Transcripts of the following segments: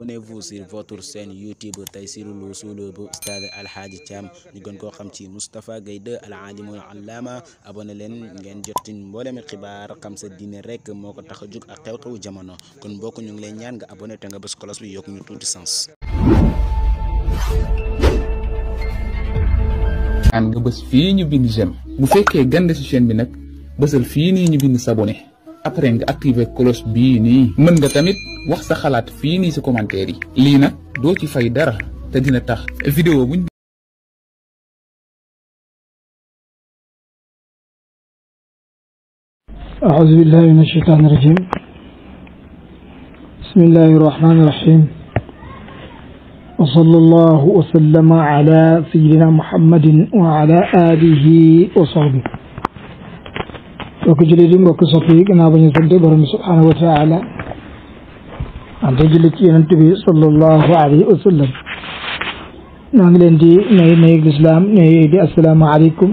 Abonnez-vous sur votre chaîne YouTube Taysiroul Wousoul bu Oustaz Alhaji Thiam ñu gën koo xam ci Moustapha Gueye 2 al alimul allama abonné leen ngeen jotin mboolemi xibaar xam sa diine rek moo ko tax a jóg ak xew-xewu jamono kon mbokk ñu ngi lay ñaan nga abonné te nga bës cloche bi yokk ñu tuuti sens aan nga bës fii ñu bind j'aime bu fekkee gande ci chaîne bi nag bësal fii nii ñu bind s'abonner après nga activer cloche bii nii mën nga tamit wax sa xalaat fii nii si commentaire yi lii nag doo ci fay dara te dina tax vidéo buñ أعوذ بالله من الشيطان الرجيم بسم الله الرحمن الرحيم وصلى الله وسلم على سيدنا محمد وعلى آله وصحبه وكجل دين وكسفيك نابن يسلطي برمي سبحانه وتعالى wante julli ci yonent bi sallallahu alayhi wa sallam noo ngi leen di nuyu nuyu lislaam nuyu di assalaamu aleykum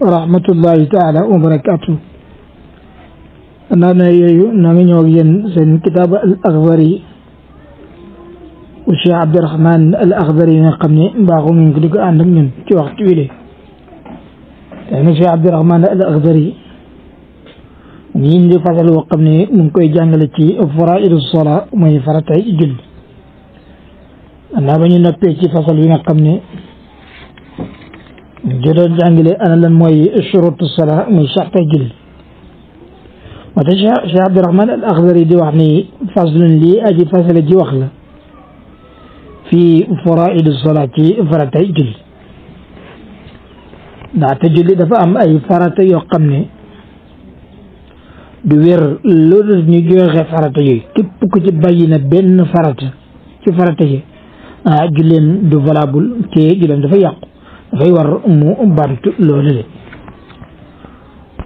wa rahmatullahi taala wa barakaatu anaa na yooyu noo ngi ñëw ak yéen seen kitaab al axdari u cheikh abdirahman al axdari yi nga xam ne mbaaxu ngeen ko di ko ànd ak ñun ci waxtu wi le tey nag cheikh abdirahman al axdari نين دي فاصل وقبني نمكوي جانجل تي فرائد الصلاة مي فرطي جل أنا بني نبي تي فاصل وين قبني جدا جانجل أنا لن مي الشروط الصلاة مي شرط جل وتشاء شيخ عبد الرحمن الأخضري دي وحني فاصل لي أجي فاصل دي وخلا في فرائد الصلاة فرطي جل لا تجلد فأم أي فرطي وقبني du wér loolu ñu joxe farata yooyu képp ku ci bàyyi na benn farata ci farata yi ah julleem du valable te julleem dafa yàqu dafay war mu baamtu loolu le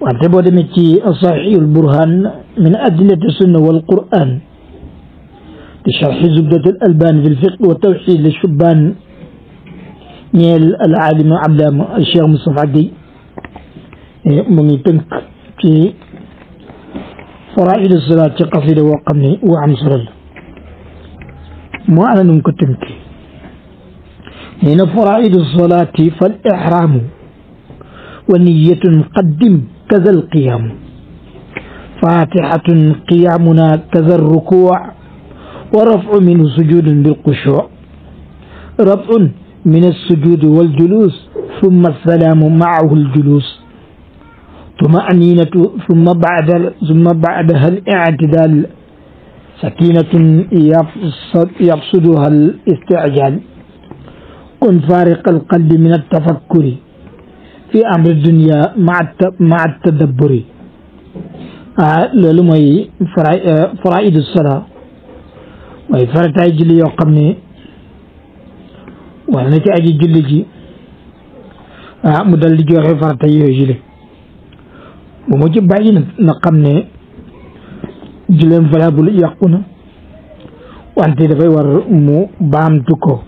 wante boo demee ci saxiixul burhaan min adillati sunna wal qur'aan di sharxi zubdatul albaan fi lfiq wa tawxiid li shubbaan ñeel al aalima abdama cheikh Moustapha Guèye mu ngi tënk ci فرائد الصلاة قصيدة وقمني وعم صلال ما أنا نمكتنك هنا فرائد الصلاة فالإحرام ونية قدم كذا القيام فاتحة قيامنا كذا الركوع ورفع منه سجود بالقشوع رفع من السجود والجلوس ثم السلام معه الجلوس طمأنينة ثم بعد ثم بعدها الاعتدال سكينة يقصدها الاستعجال كن فارق القلب من التفكر في أمر الدنيا مع مع التدبر آه، للمي فرائد آه، الصلاة وي فرتاي جلي يقمني وانا تاجي جلي جي آه، مدلجي فرتاي جلي bu mu ci bàyyi nag xam ne jileem valable yàqu na wante dafay war mu baamtu ko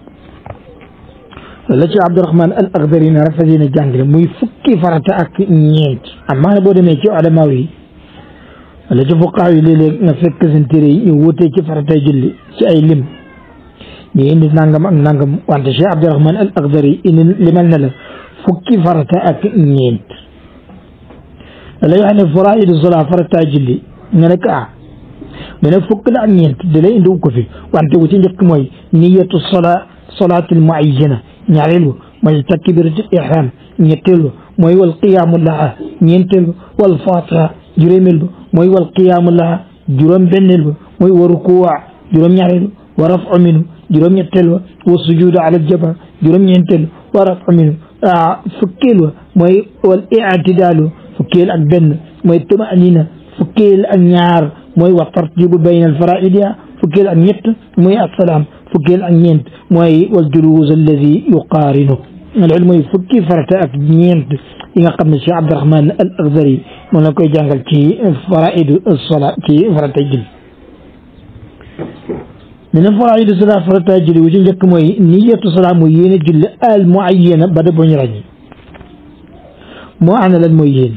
la ci Abdurahman al Akhdari na rafet na jàngale muy fukki farata ak ñeent amaa na boo demee ci adamaaw yi wala ci fuqaaw yi léeg-léeg nga fekk seen téere yi ñu wutee ci faratay julli ci ay lim ñu indi nangam ak nangam wante Cheikh Abdurahman al Akhdari indi limal na fukki farata ak ñeent dalay wax ne faraa'idu salaa farata julli nga nekk ah mu ne fukk la ak ñeent dalay indi ko fi wante wu ci njëkk mooy niyatu salaa salaatil muayyana ñaareel ba mooy takbiratul ihram ñetteel ba mooy wal qiyaamu laha ñeenteel ba wal fatiha juróomeel ba mooy wal qiyaamu laha juróom-benneel ba mooy wa rukuwa juróom-ñaareel ba wa rafu minu juróom-ñetteel ba wa sujuudu ala jabha juróom-ñeenteel ba wa rafu minu ah, fukkeel ba mooy wal i'tidaalu fukkeel ak benn mooy tuma anina fukkeel ak ñaar mooy wax tartibu bayna al faraidia fukkeel ak ñett mooy assalaam fukkeel ak ñeent mooy wal julus alladi yuqaarinu loolu mooy fukki farata ak ñeent yi nga xam ne Cheikh Abdourahman al Akhdari moom la koy jàngal ci faraidu sola ci farata jul من الفرائض الصلاة فرتا جلي وجن جك موي نية الصلاة مويين جل المعينة بدا بني رجي مو أنا للمويين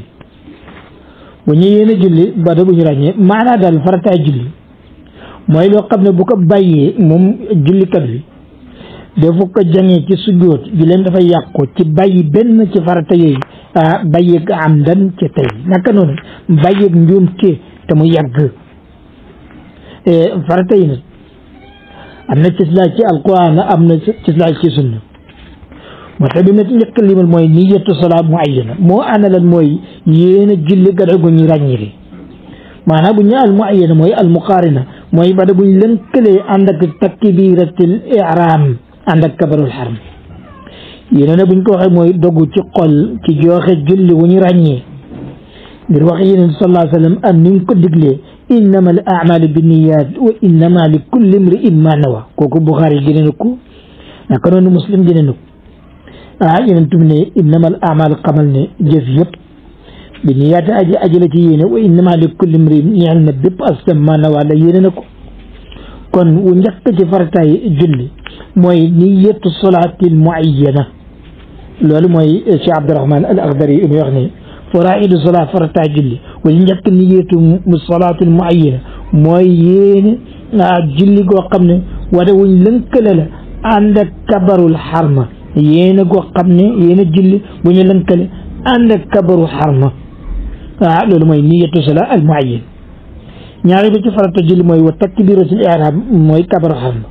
bu ñu yéene julli ba bu ñu ràññee maanaa daal farataay julli mooy loo xam ne bu ko bàyyee moom jullikat bi dafa ko jangee ci sujjóot julleem dafay yàqu ci bàyyi benn ci farata yooyu bàyyeeg am dan ci tey naka noonu bàyyeeg njuum te te mu yàgg eh, farata yi nag am na ci ci alquran am na ci ci sunna moo tax dina njëkk limal mooy niyatu salaat muayyana moo ana lan mooy yéena julli gada gu ñu ràññili maanaam bu ñu al muayyana mooy al muqaarina mooy bada bu ñu lënkalee ànd ak takbiratul ihram ànd ak kabarul xaram yéena ne bu ñu ko waxee mooy dogu ci xol ci joxe julli wu ñu ràññee ngir wax yéen sallallahu alayhi wa sallam am ni mu ko diglee innama al a'malu binniyat wa innama li kulli imri'in ma nawa kooku Buxaari dina na ko naka noonu muslim dina na ko ah yonent bi ne innamal amal xamal ne jëf yëpp bi ñu yaata aji aji la ci yéene wa innama li kulli mri ñeel na bépp askan maanaam wàlla yéene na ko kon wu njëkk ci farataay julli mooy niyatu solaatil muayyana loolu mooy Cheikh Abdourahman al Akhdari yi ñu wax ne faraidu sola farataay julli wa njëkk niyatu solaatil muayyana mooy yéene julli goo xam ne wala wuñ lënkale la ànd ak kabarul xarma yéena goo xam ne yéena julli bu ñu lënkale ànd ak kabaru xarma ah loolu mooy niyatu sala al muayyan ñaari bi ci farata julli mooy wa takbiratul ihram mooy kabaru xarma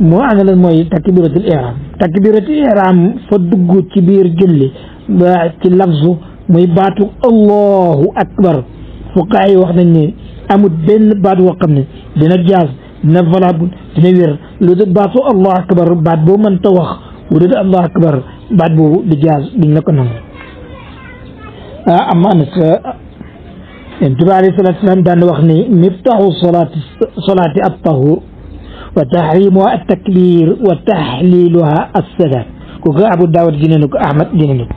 moo ana lan mooy takbiratul ihram takbiratul ihram fa dugg ci biir julli ba ci lafzu muy baatu allahu akbar fuqaa yi wax nañ ne amul benn baat woo xam ne dina jaas dina valable dina wér lu dul baatu allahu akbar baat boo mënta wax ودد الله أكبر بعد بو دجاز دين لكنهم أما أنس انتبه عليه الصلاة والسلام دان وخني مفتاح الصلاة صلاة الطهور وتحريمها التكبير وتحليلها السلام كوكا أبو داود جنينك أحمد جنينك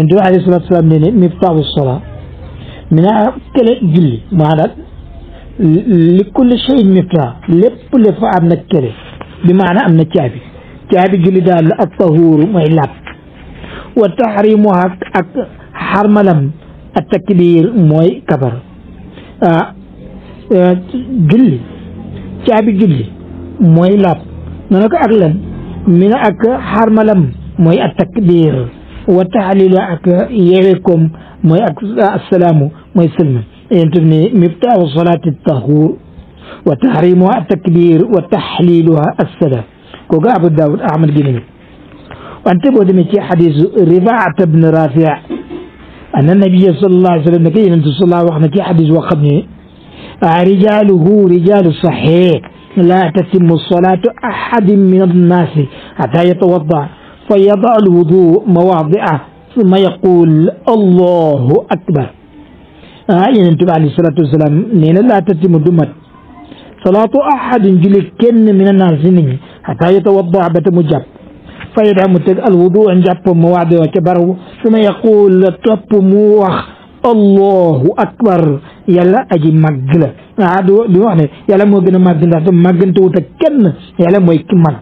انتبه عليه الصلاة والسلام دين مفتاح الصلاة من كل جل معنا لكل شيء مفتاح لب من نكره بمعنى أمن كافي جاري جلدا الطهور ميلاب وتحريم حق حرملم التكبير موي كبر آه، آه، جل جابي جل موي لاب نانك اغلن من اك حرملم موي التكبير وتحليل اك يريكم موي اك السلام موي سلم ينتبني مفتاح صلاة الطهور وتحريمها التكبير وتحليلها السلام كوغا أبو داود أحمد جنين وأنت بود مكي حديث رفاعة بن رافع أن النبي صلى الله عليه وسلم كي أنت صلى الله عليه وسلم حديث وقبني آه، رجاله رجال صحيح لا تتم الصلاة أحد من الناس حتى يتوضأ فيضع الوضوء مواضعه ثم يقول الله أكبر آه يعني عليه الصلاة والسلام نين لا تتم دمت صلاة أحد جلي كن من الناس نيني حتى يتوضع بتمجب فيدعم الوضوء عن جاب مواد وكبره ثم يقول تب موخ الله أكبر يلا أجي مجلة عاد دي وحنا يلا مو جنا مجلة ثم مجن تو تكن يلا مو يكمل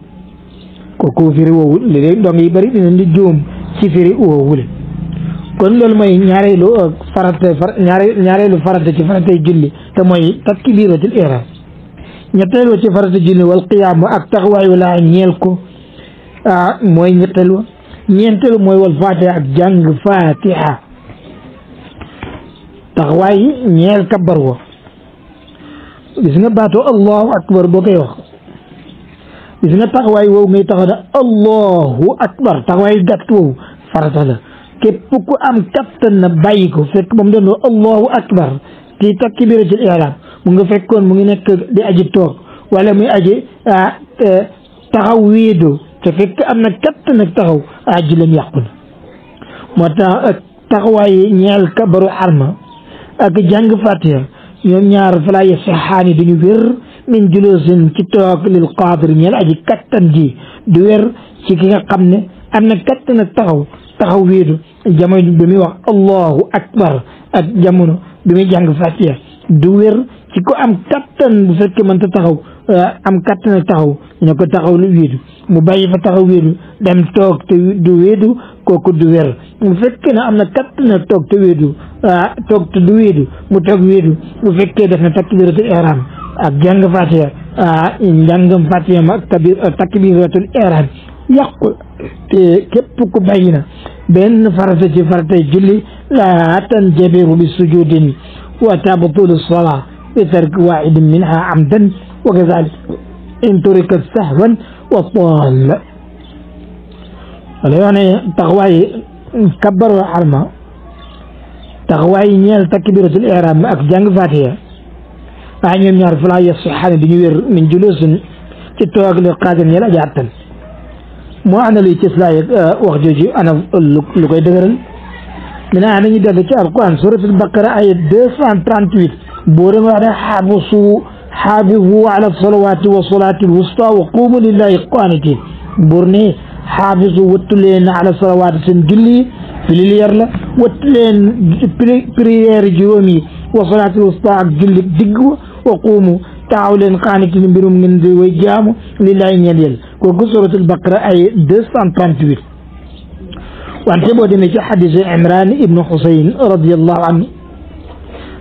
كوكو فيري وو لين دون يبري دين دي جوم سي فيري وو ول kon loolu mooy ñaareelu farata ñaareelu farata ci farata julli te mooy takbiratul ihram نتلو سي فرض الجن والقيام اك تقوى ولا نيلكو ا موي نتلو نينتلو موي والفاتحه اك فاتحه تقوى نيل كبروا غيسنا باتو الله اكبر بوكي واخ غيسنا تقوى وو مي تخدا الله اكبر تقوى غاتو فرض الله كيبكو ام كابتن بايكو فك بوم الله اكبر كي تكبيره الاعلام mu nga fekkoon mu ngi nekk di aji toog wala muy aji ah, eh, taxaw wéedo te fekk am na katt taxaw aji lam yàqu na moo taxawaay ñeel kabaru arma ak jàng fatiha ñoom ñaar falaa ye saxaani duñu wér min julusin ci toog lil qaadir ñeel aji kattan ji du wér ci ki nga xam ne am na kattan nag taxaw taxaw wéedu jamono bi muy wax allahu akbar ak jamono bi muy jàng fatiha du wér kiko am katan bu man ta taxaw eh, am katan taxaw ñu ko taxaw ni wedu mu bàyyi fa taxaw wedu dem tok ah, te du wedu koku du wer bu fekke na am na tok te wedu tok te du wedu mu tok wedu bu fekke def na takbiratul ihram ak jàng fatiha ah, njàngam fatiha ma takbir eh, takbiratul ihram yaqul te kep ku bayina na farata ci farata julli laa tan jabiru bi sujudin wa tabtulu salat بترك واحد منها عمدا وكذلك إن تركت سهوا وطال يعني تغواي كبر الحرمة تغواي نيال تكبيرة الإعرام أك جانج فاتحة أن يوم يعرف لا يصحان بنيوير من جلوس تتوغ للقادم يلا جاتن مو أنا اللي تسلايك آه، وخجوجي أنا لقيت من أعلى يدفع القرآن سورة البقرة آية 238 بورمانا حافظوا حافظوا على الصلوات والصلاة الوسطى وقوموا لله قانتين بورني حافظوا وتلين على الصلوات سنجلي في اليرلا وتلين بريير جومي وصلاة الوسطى جلي دقوا وقوموا تعاولين قانتين بروم من ذي ويجاموا لله ينيل وقصرة البقرة أي 238 وانتبه دمجة حديث عمران ابن حسين رضي الله عنه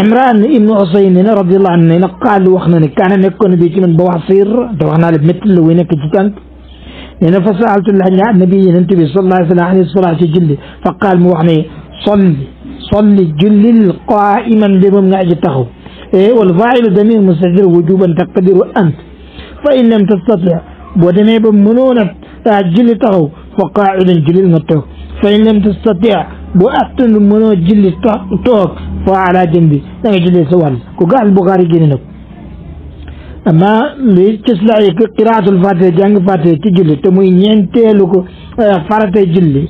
عمران ابن حسين رضي الله عنه قال وخنا كان نكون بيتي من بوحصير دوحنا بمثل وينك كنت هنا فسألت النبي النبي صلى الله عليه وسلم عليه الصلاة فقال موحني صلي صلي جل قائما بممنع جته إيه والفاعل دمير مستجر وجوبا تقدر أنت فإن لم تستطع ودمي بمنونة تأجل آه، تغو فقاعدا جل فإن لم تستطع boo attanu mënoo julli toog fa ala jëndi da nga julli sa wàll ku ga albuxaari génne na ko amma li ci la qiraatul fatiha jàng fatiha ci julli te muy ñeenteelu ko eh, farate julli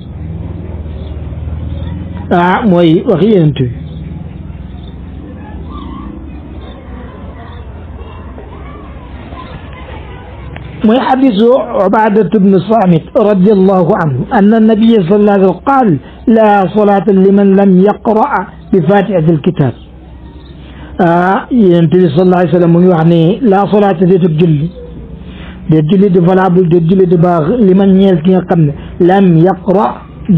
ah mooy waxi yenentu ويحدث عبادة بن صامت رضي الله عنه أن النبي صلى الله عليه وسلم قال لا صلاة لمن لم يقرأ بفاتحة الكتاب آه، ينتهي صلى الله عليه وسلم يعني لا صلاة ديتك جلي ديتجلي دي فلا بل ديتجلي دي باغ لمن يلتني قمنا لم يقرأ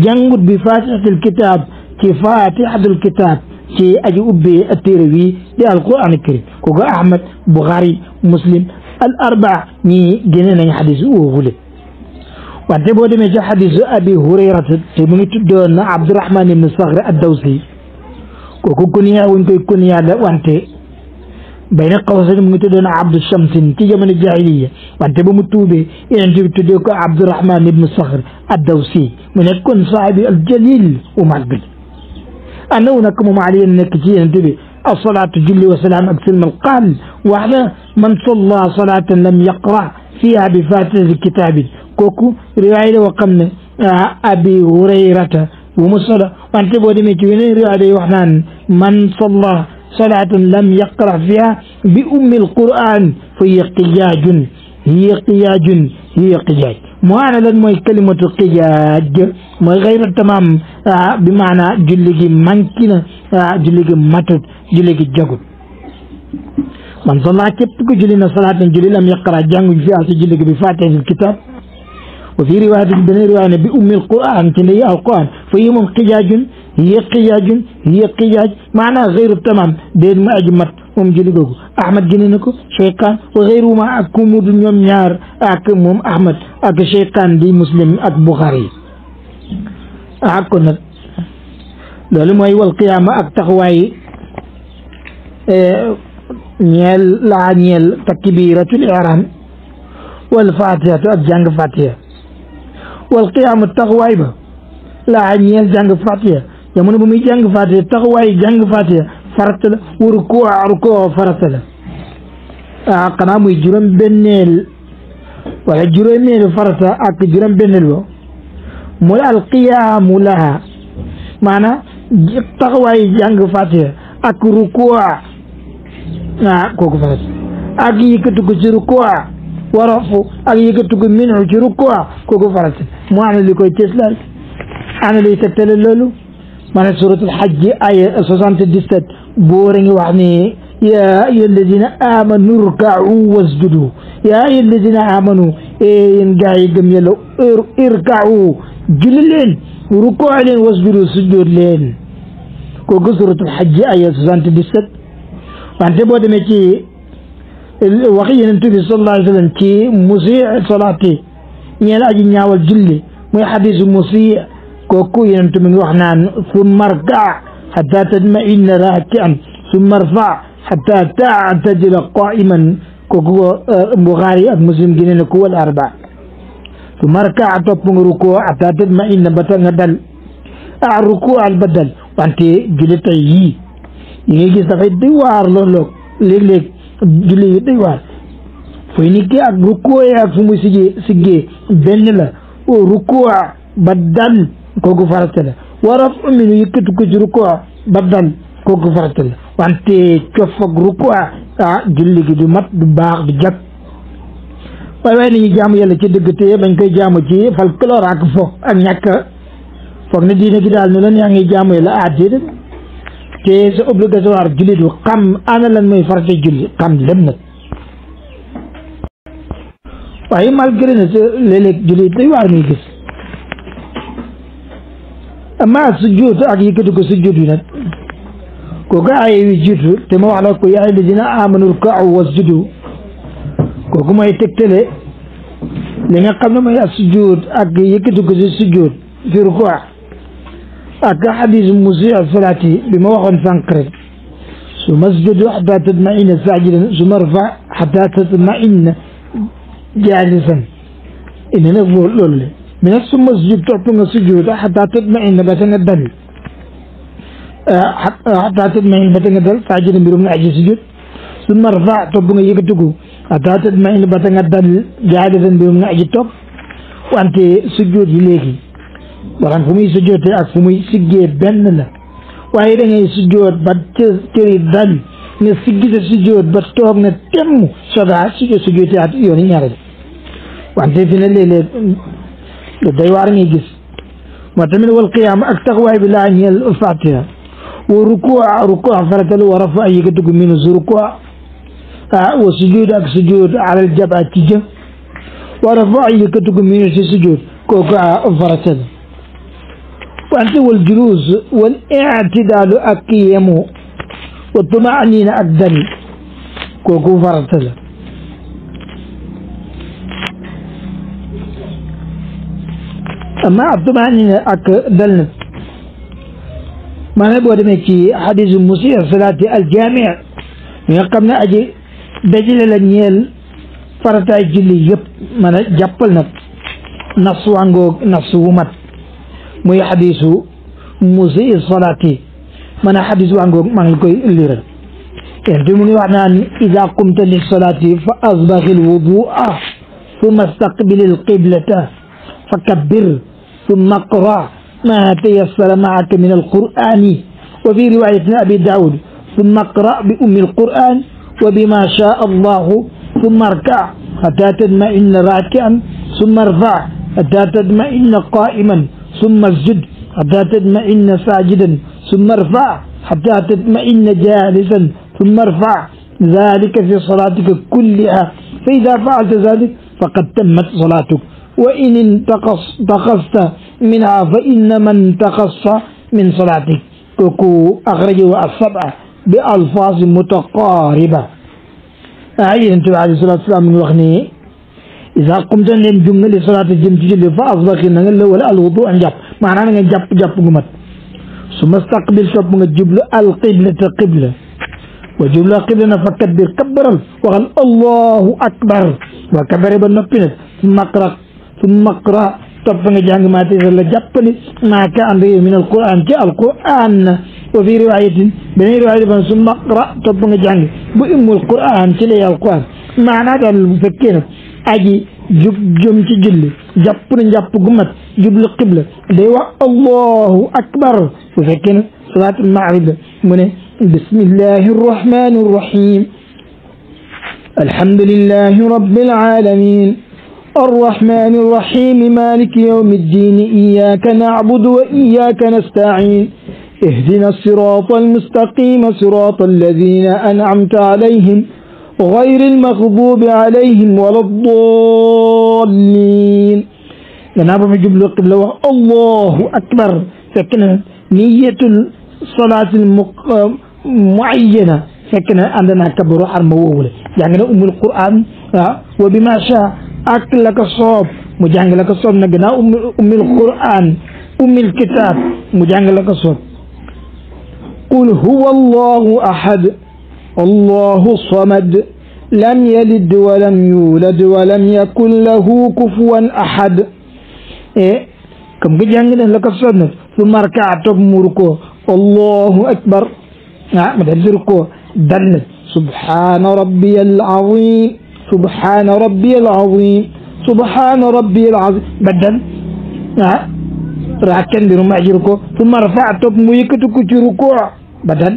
جنب بفاتحة الكتاب كفاتحة الكتاب كي أجي أبي التيروي دي القرآن الكريم كوكا أحمد بغاري مسلم الأربعة ني جنين أي حديث أوغولي وانت بودي مجا حديث أبي هريرة تبني تدون عبد الرحمن بن صغر الدوسي وكو كنيا وانت كنيا وانت بين قوسين من تدون عبد الشمس تيجا من الجاهلية وانت بمتوبة انت بتدوك عبد الرحمن بن صغر الدوسي من يكون صاحب الجليل ومعقل أنا ونكم علي أنك تيجي الصلاة جل وسلام أكثر من قال وعلى من صلى صلاة لم يقرأ فيها بفاتحة الكتاب كوكو رواية وقمنا آه، أبي هريرة ومصلى وانت بودي ميكوين رواية وحنان من صلى صلاة لم يقرأ فيها بأم القرآن فهي قياج هي قياج هي قياج موانا لن موي كلمة قجاج موي غير تمام آه، بمعنى جلغي منكنا آه، جلغي ماتت جلغي جغل من صلاة كبتك جلين صلاة جلين لم يقرأ جانو فيها سجلغي بفاتح الكتاب وفي رواية بني رواية بأم القرآن كنية القرآن فيهم قجاج هي قجاج هي قجاج معنى غير تمام دين مأجمت moom julli googu ahmad génne na ko cheykhaan wa xeyruma ak ku mu ñaar ak moom ahmad ak cheykhaan di muslim ak buxaari yi ak kon nag loolu mooy wal qiyaama ak taxawaay ñeel laa ñeel takbiratul ihram wal fatihatu ak jàng fatiha wal qiyaama taxawaay ba laa ñeel jàng fatiha jamono ba muy jàng fatiha taxawaay jàng fatiha sart la wa rukuuha rukuuha farata la ah, juróom-benneel wala juróomeelu farata ak juróom-benneel ba mooy alqiyaamu laha maanaam taxawaay jàng fatiha ak rukuuha ah kooku farata ak yëkkatu ci rukuuha wa ak yëkkatu ko minhu ci kooku farata mu am li koy ana luy tegtale loolu maanaam suratul xajji ay soixante dix buur a ngi wax ne yaa ayyuha alladina amanu irkau wasjudu yaa ayyuha alladina amanu e yéen gaa yi gëm yàlla irkau julli leen rukoo leen wasjudu sujjóot leen kooku suratul xajji aya soixante-dix-sept wante boo demee ci eh, wax yeneen tubi sallallahu alayhi wa sallam ci musi salaati ñeel aji ñaawal julli muy xadisu musi kooku yeneen tubi ngi wax naan summa rkaa حتى تطمئن راكعا ثم ارفع حتى تعتدل قائما كوكو بخاري ak muslim gi ne ko wal arba ثم اركع topp nga ruku حتى تطمئن ba ta nga dal ah ruku al badal wante julli tey yii yi gis dafay day waar looloo léeg-léeg julli yi day waar fooy nit ki ak ruku ak fu muy siggee siggee benn la ruku badal kooku farata la war a am ñu yëkkati ko ci rukkoo kooku farata la wante cof ak rukkoo ah julli gi du mat du baax du jag waaye waaye nañu jaamu yàlla ci dëgg te bañ koy jaamu ci folklore ak fo ak ñàkk foog ne diine gi daal ne lan yaa ngi jaamu yàlla ah déedéet te sa obligatoire jullit bu xam ana lan mooy farata julli xam lépp nag waaye malgré ne léeg-léeg jullit waar muy gis. amma sujjuud ak yëkkati ko sujjuud bi nag kooku aaya yu jiitu te ma wax la ko yaa ayyuhaa llaziina aamanuu rka'uu wasjudu kooku mooy tegtale li nga xam ne mooy ak sujjuud ak yëkkati si sujjuud fi rukuu ak hadiis musii' salaati bi ma waxoon sànq rek summa isjud hattaa tatma'inna ma summa irfa' hattaa tatma'inna jaalisan indi nag loolu mi nag summa sujud topp nga sujud xataa tatmaina ba te nga dal xataa tatmaina ba te nga dal saajida mbirum nga aji sujud summa rafa topp nga yëkkatiku xataa tatmaina ba te nga dal jaadatan mbirum nga wante sujud yi léegi maanaam fu muy sujjootee ak fu muy siggee benn la waaye da ngay sujjoot ba dal nga siggi sa sujjoot ba toog na temm soga sujjoot sujjootee at yooni ñaareel wante fi ne day waar ngay gis moo tamit wal qiyaam ak taxawaay bi laa ñeel fatiha wa rukua rukua farata la wa rafa ay yëkkatiku minus rukua ah wa sujud ak sujud alal jaba ci jë wa rafa ay yëkkatiku minus ci sujud kooku ah farata la wante wal julus wal i'tidaalu ak yemoo wa tumaanina ak dani kooku farata la amma abdumani ne ak dal na maanaam boo demee ci xadisu musir salaati aljamia mi nga xam ne aji dajale la ñeel farataay julli yëpp man a jàppal nag nafsu wàngoog nafsu wu mat muy xadisu musir salaati man a xadis wàngoog maa ngi koy liral te mu ngi wax naan ida qumta li salaati fa asbaxil wudua summa staqbilil qiblata fa kabbir ثم اقرأ ما تيسر معك من القرآن وفي رواية أبي داود ثم اقرأ بأم القرآن وبما شاء الله ثم اركع حتى تطمئن راكعا ثم ارفع حتى تطمئن قائما ثم اسجد حتى تطمئن ساجدا ثم ارفع حتى تطمئن جالسا ثم ارفع ذلك في صلاتك كلها فإذا فعلت ذلك فقد تمت صلاتك وإن انتقصت منها فإنما انتقص من صلاتك كوكو أخرجه السبعة بألفاظ متقاربة أعيد أنت عليه الصلاة والسلام من وخني إذا قمت نم جملة لصلاة الجم تجلي أن نغل ولا الوضوء أن جاب معنى أن جاب جاب قمت ثم استقبل شاب من الجبل القبلة قبلة وجملة قبلة فكبر كبرا وقال الله أكبر وكبر بالنبي ثم أقرأ ثم اقرا طب فنجي جانج ماتي زل ما كان ري من القران جاء القران وفي روايه ثم اقرا طب فنجي جانج القران تلي القران معنى المفكر اجي جب جم تي جل جابني جاب غمت جبل قبله دي الله اكبر فكين صلاه المعرض من بسم الله الرحمن الرحيم الحمد لله رب العالمين الرحمن الرحيم مالك يوم الدين إياك نعبد وإياك نستعين اهدنا الصراط المستقيم صراط الذين أنعمت عليهم غير المغضوب عليهم ولا الضالين جناب من جملة قبل الله أكبر فكنا نية الصلاة المعينة فكنا عندنا كبر على وولد يعني أم القرآن آه، وبما شاء ak la ko soob mu jàng la ko soob na gannaaw ummil quran ummil kitaab mu jàng la ko soob qul huwa allahu ahad allahu samad lam yalid wa lam yulad wa lam yakun lahu kufuwan ahad e kam ga jàng na la ko soob nag su markaa toog muur ko allahu akbar ah ma dal dir ko dal subhaana rabbiya al azim سبحان ربي العظيم سبحان ربي العظيم بدل ها راكن دي رمع جيركو ثم رفعت ميكتك جيركو بدل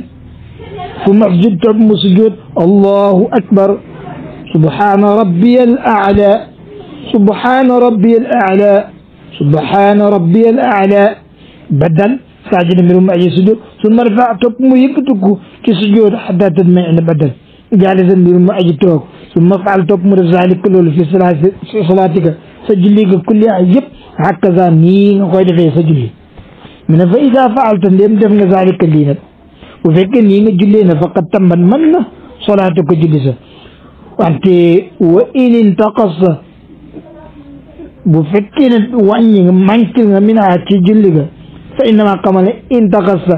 ثم سجدت مسجود الله أكبر سبحان ربي الأعلى سبحان ربي الأعلى سبحان ربي الأعلى بدل ساجد من رمع سجود ثم رفعت ميكتك كسجود حتى تدمع بدل جالسا من رمع جركو su ma faal topp mu def zalika loolu fi salaatika sa julli ga kulli yëpp hakaza nii nga koy defee sa julli mu ne fa ida faalta ndéem def nga zalika lii nag bu fekkee nii nga jullee na faqad tamban man na solaatu ko julli sa wante wa in intaqasa bu fekkee ne wàññi nga manqué nga min a ci julli ga fa innama xamale intaqasa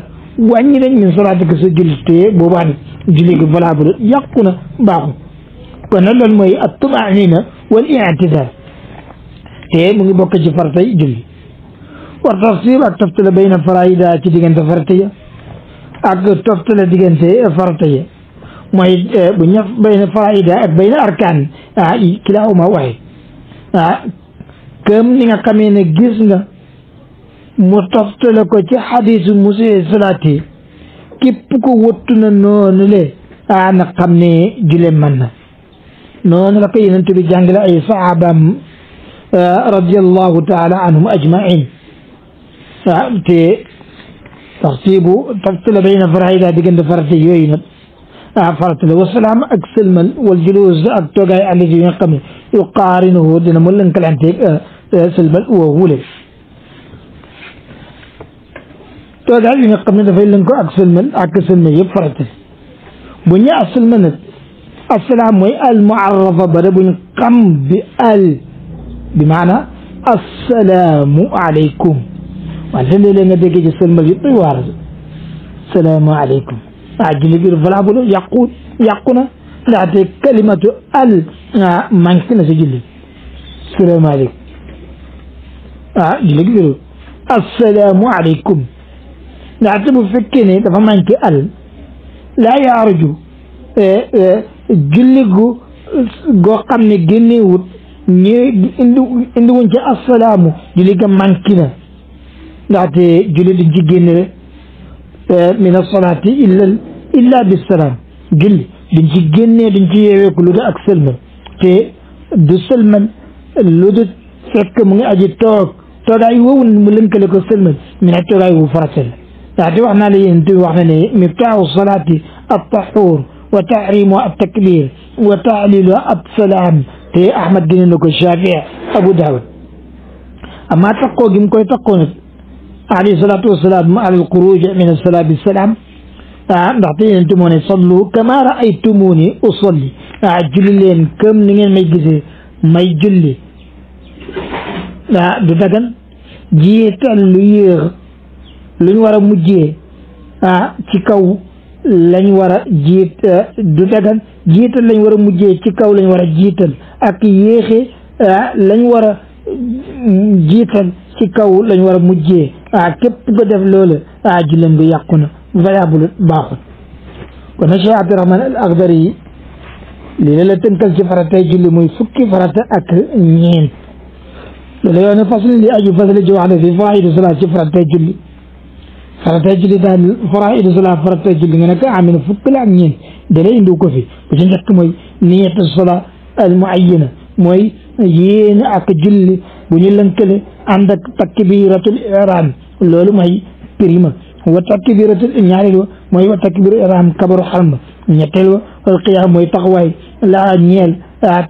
wàññi dañ min solaatu ko sa julli te boobaa julli ga valable yàqu na baaxu kon loolu mooy at tumaanina wal i'tidaal te mu ngi bokk ci faratay julli war tafsir ak toftale bayna faraida ci diggante farata ya ak toftale diggante farata ya mooy bu ñaf bayna faraida ak bayna arkaan ah kilaahuma waaye ah comme ni nga xamee ne gis nga mu toftale ko ci xadiisu musee salaati képp ko wëttu na noonu le ah na xam ne julli mën na نون لقي ننتو بجانجل أي صحابة آه، رضي الله تعالى عنهم أجمعين فأمتي ترتيب تفصل بين فرحي ذا بقند فرحي يوين أعفرت له والسلام أكسل من والجلوس أكتوغا يعني يقمي يقارنه دين ملن كالعنتيك آه، آه، سلم وغولي توغا يقمي دفعي لنكو أكسل من أكسل من يفرته بني أصل منه السلام موي المعرفه بربن كم بال بمعنى السلام عليكم ولله لنا دجي سلم بي السلام عليكم عجل بير فلا يقول يقول لا دي كلمه ال آه، ما كنا سجل السلام عليكم عجل بير السلام عليكم نعتبر فكني دفا مانكي ال لا يا رجو إيه، إيه، julli gu goo xam ne génnewut ñi indi indi wuñ ci assalaamu julli ga manqué na ndaxte julli duñ ci génne eh, min asalaati illa illa bisalaam julli duñ ci génnee duñ ci ak sëlmal te du sëlmal lu fekk mu ngi aji toog toogaay woowu mu lënkale ko sëlmal mi ne toogaay wu farata la ndaxte wax naa la yéen wax na ne miftaahu salaati at taxuur وتعريم التكبير وتعليل السلام تي احمد بن نوك الشافعي ابو داود اما تقو جيم كوي تقو عليه الصلاه والسلام على الخروج من الصلاه بالسلام نعطيه انتموني صلوا كما رايتموني اصلي اعجل لين كم نين ماي جيسي ماي جولي دا دو دغن جيتال لير لين ورا مجيه اه تي كاو lañ war a jiit du dagan jiital lañ war a mujjee ci kaw lañ war a jiital ak yéexe lañ war a jiital ci kaw lañ war a mujjee ah képp ko def loola ah julleem bi yàqu na valable baaxul kon nag Cheikh Abdourahman al Akhdari yi lii la tënkal ci faratay julli muy fukki farata ak ñeen loolu yow ne fasli li aju fasli ji wax ne fi faaidu salaat ci faratay julli farata julli daal fara idu sola farata julli nga nekk am na fukk la ak ñeent dalay indiw ko fi bu ci njëkk mooy niyatu sola al muayyana mooy yéen ak julli bu ñu lënkale ànd ak takbiratul ihram loolu mooy prima wa takbiratul ñaareel wa mooy wa takbiratul ihram kabaru xaram ñetteel wa wal qiyaam mooy taxawaay laa ñeel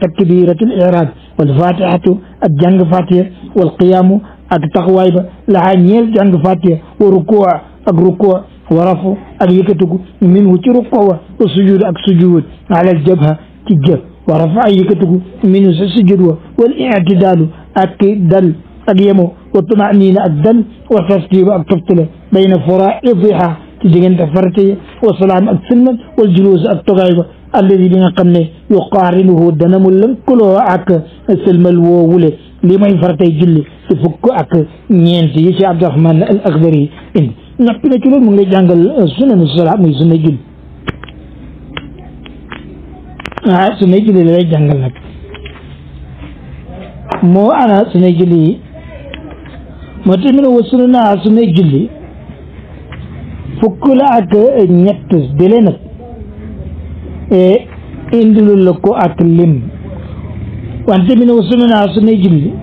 takbiratul ihram wal fatihatu ak jàng fatiha wal qiyaamu ak taxway ba laxaa ñeel jàng fatia wa rukkoo ak rukkoo wa rafu ak min minhu ci rukkoo wa sujud ak sujud ala jabha ci jeb wa rafu ak yëkkatiku minhu sa sujud wa wal i'tidal ak dal ak yemo wa tumaaniina ak dal wa tasjib ak toftale bayna faraa'idiha ci diggante farata yi wa salam ak sunna wal julus ak togaay ba الذي bi nga يقارنه دنم yuqaarinuhu dana mu lënkaloo ak lii mooy faratay julli ci fukk ak ñeent yi ci Abdurahman al Akhdari indi noppi na ci mu ngi lay euh, sunanu sola muy sunna julli ah sunna julli la lay jàngal nag moo ana sunna julli moo tax mu ne wa sunna naa sunna julli fukk la ak ñett bi lee nag eh, indilul la ko ak lim wante mi ne wa suminaa su nay julli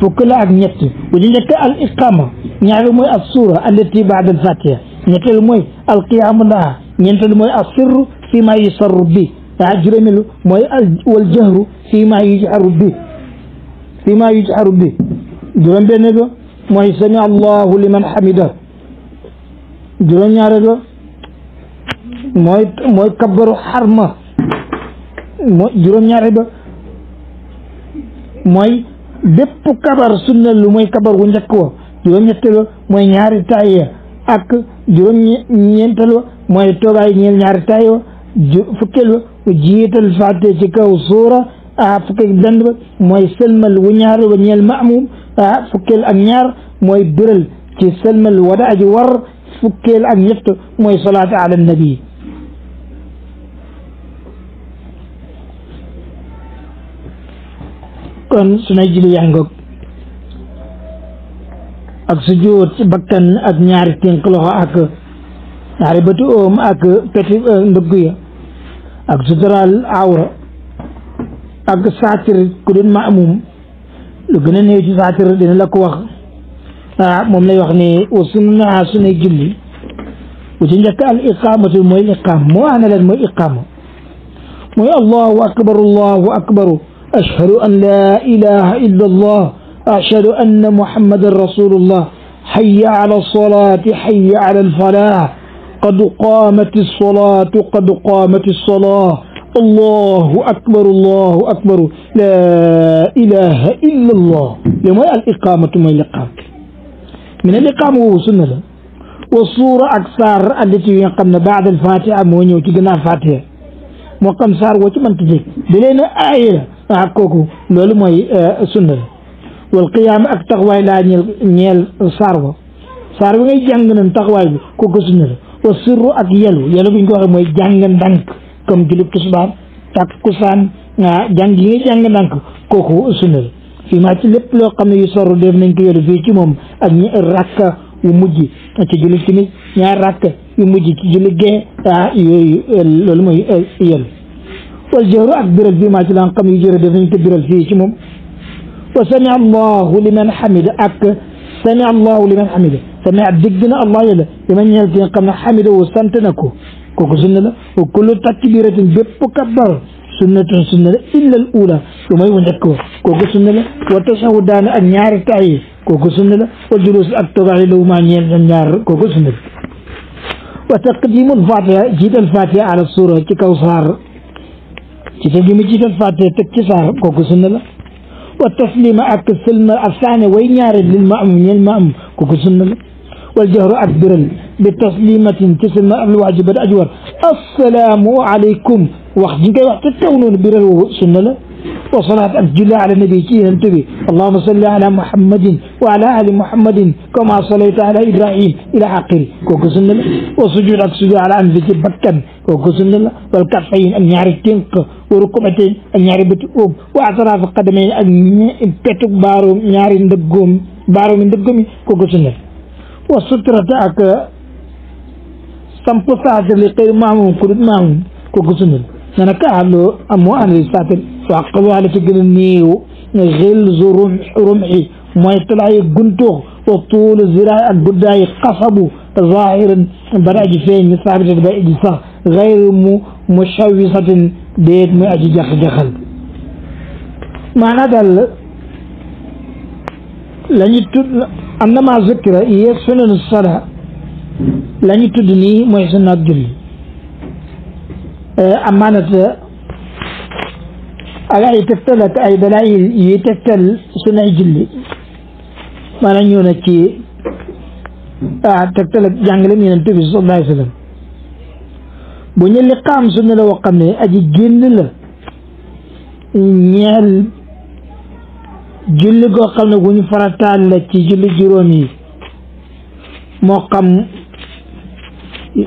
fukk la ak ñett bu ñu njëkk al iqama ñaari mooy al suura allati baada al fatiha ñetteelu mooy al qiyaamu laha ñeenteelu mooy al sirru fi ma yusarru bi ah juróomeelu mooy al wal jahru fi ma yujharu bi fi ma yujharu bi juróom benn ga mooy sami allahu liman hamida juróom ñaare ga mooy mooy kabbaru xarma mooy juróom ñaare ba mooy bépp kabar sunna lu mooy kabar gu njëkk wa juróom-ñetteelu mooy ñaari taaya ak juróom-ñeenteelu mooy toogaay ñeel ñaari taaya wa fukkeel wa jiital fàtte ci kaw suura a fukkeel dand ba mooy sëlmal wu ñaar wa ñeel maamum a fukkeel ak ñaar mooy biral ci sëlmal wada aji war fukkeel ak ñett mooy salaatu ala nabi kon sunay julli yaa ak sujjóot bakkan ak ñaari tënk loxo ak ñaari bëti oom ak peti eh, ndëgg ak sutural awra ak saatir ku maamum lu gën a saatir dina la wax ah moom lay wax ne wa sunna sunay julli bu al iqaamatu mooy iqaam moo ana lan mooy akbaru أشهد أن لا إله إلا الله أشهد أن محمد رسول الله حي على الصلاة حي على الفلاح قد قامت الصلاة قد قامت الصلاة الله أكبر الله أكبر لا إله إلا الله لما الإقامة ما الإقامة من الإقامة هو سنة والصورة أكثر التي يقمنا بعد الفاتحة مونيو وتقنا الفاتحة وقم صار وتمنتجي دلينا آية ah kooku loolu mooy eh, sunna la wal qiyaam ak taxawaay laa ñeel ñeel saar wa saar bi ngay jàng nañ taxawaay bi kooku sunna la wa sirru ak yelu yelu bi ñu ko waxee mooy jàng ndànk comme julub tisbaar yi ngay jàng kooku sunna la maa ci lépp loo xam ne yu sorru def nañ ko yelu fii ci moom ak ñi rakka yu a ci julub timis ñaar rakka yu mujj ci julub gee ah, yooyu eh, loolu mooy eh, yelu والجهر ak biral bi maa ci daan xam yu jërë dinañ ko biral fii ci moom wa sami allahu liman xamida ak sami allahu liman xamida sami dégg na allah yàlla liman ñeel ki nga xam ne xamida wu sant na ko kooku sunna la wa kullu takbiratin bépp kabbar sunnatun sunna la illa al ula lu may wu njëkk wa kooku sunna la wa tashahudaani ak ñaari taxyi kooku sunna la wa julus ak togaay lawu maa ñeel ñoom ñaar kooku sunna la wa taqdimu al fatiha jiital fatiha ala sura ci kaw saar تفهمي مجيت الفات تكسر كوكسنا لا والتسليم أكسل ما أفسان وين يار للمأمن المأم كوكسنا لا والجهر أكبر بالتسليمة تسلم الواجب الأجور السلام عليكم وخدين كي وقت التونون بير السنة لا وصلاة الجلة على النبي كي انتبه اللهم صل على محمد وعلى آل محمد كما صليت على إبراهيم إلى آخره كوكو سنة وسجود أكسد على أنفس بكا كوكو سنة والكفين أن يعرف تنق وركبتين أن يعرف بتقوم وأطراف قدمين أن يتتك بارو يعرف دقوم بارو من دقوم كوكو سنة وسترة أك سمبسا لقير معهم كرد معهم كوكو سنة ننكعلو أموان الساتل وعقبوا على فكر النيو غلز رمح رمحي ما يطلع يقنتو وطول الزراعة البدا يقصبو ظاهرا براج فين ثابتة بإجساء غير مشوشة ديت مؤجي جخ جخل معنى دل لن يتد أنما ذكر إيه سنن الصلاة لن يتدني محسن الدلي amaanat ak ay tegtal ak ay dalaayil yuy tegtal suñu ay julli na ci ah tegtal ak jàngaleem Yonent bi sallallahu alayhi wa sallam la woo xam ne aji génn la ñeel julli goo xam ne bu ñu farataal la ci julli juróom yi moo xam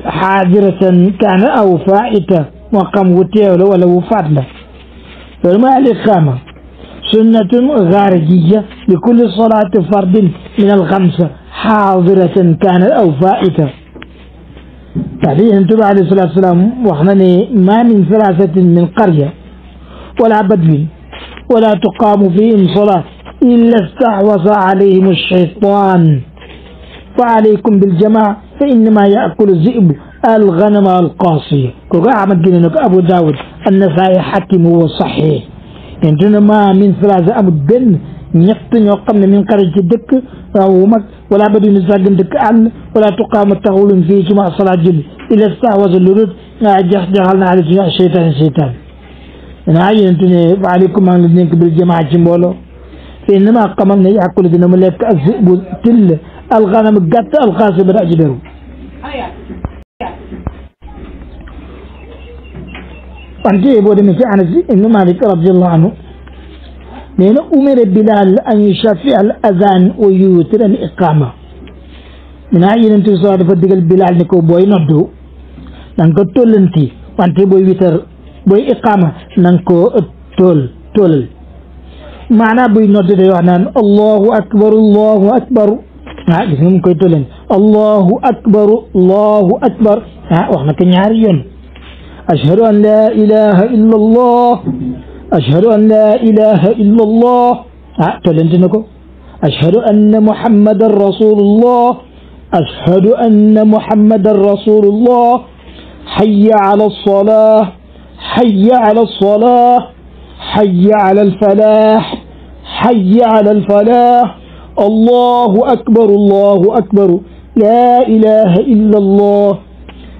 xaadiratan kaana aw faa'ita وقام وتيولا ولا وفاتلا فما يعني الإقامة سنة غارجية لكل صلاة فرد من الخمسة حاضرة كانت أو فائتة بعدين انتبه عليه الصلاة والسلام وحنني ما من ثلاثة من قرية ولا بدو ولا تقام فيهم صلاة إلا استحوذ عليهم الشيطان فعليكم بالجماعة فإنما يأكل الذئب الغنم القاسي كوغا عمد جنة أبو داود النسائي حكيم هو صحيح عندنا ما من ثلاثة أبو بن نيقتن يقمن من قرج دك أو ولا بدون نزاقن دك أن ولا تقام التغول في جمع صلاة جل إلا استعوذ اللرود نعجح جهلنا على جمع الشيطان الشيطان نعي انتنا عليكم عن الدينك بالجماعة جمبولو فإنما قمنا يأكل بنا ملاك الزئب تل الغنم قط القاسي برأجبه هيا وارجع بود من زي إنه مالك رضي الله عنه لأن أمر بلال أن يشفع الأذان ويوتر الإقامة من أين أنت صار فدق البلال نكو بوي نبدو نكو تولنتي وانتي بوي ويتر بوي إقامة نكو تول تول معنى بوي نبدو دي عنان الله أكبر الله أكبر ها جسم كوي تولن الله أكبر الله أكبر ها وحنا كنيار أشهد أن لا إله إلا الله أشهد أن لا إله إلا الله أعتلنتنكو آه، أشهد أن محمد رسول الله أشهد أن محمد رسول الله حي على الصلاة حي على الصلاة حي على الفلاح حي على الفلاح الله أكبر الله أكبر لا إله إلا الله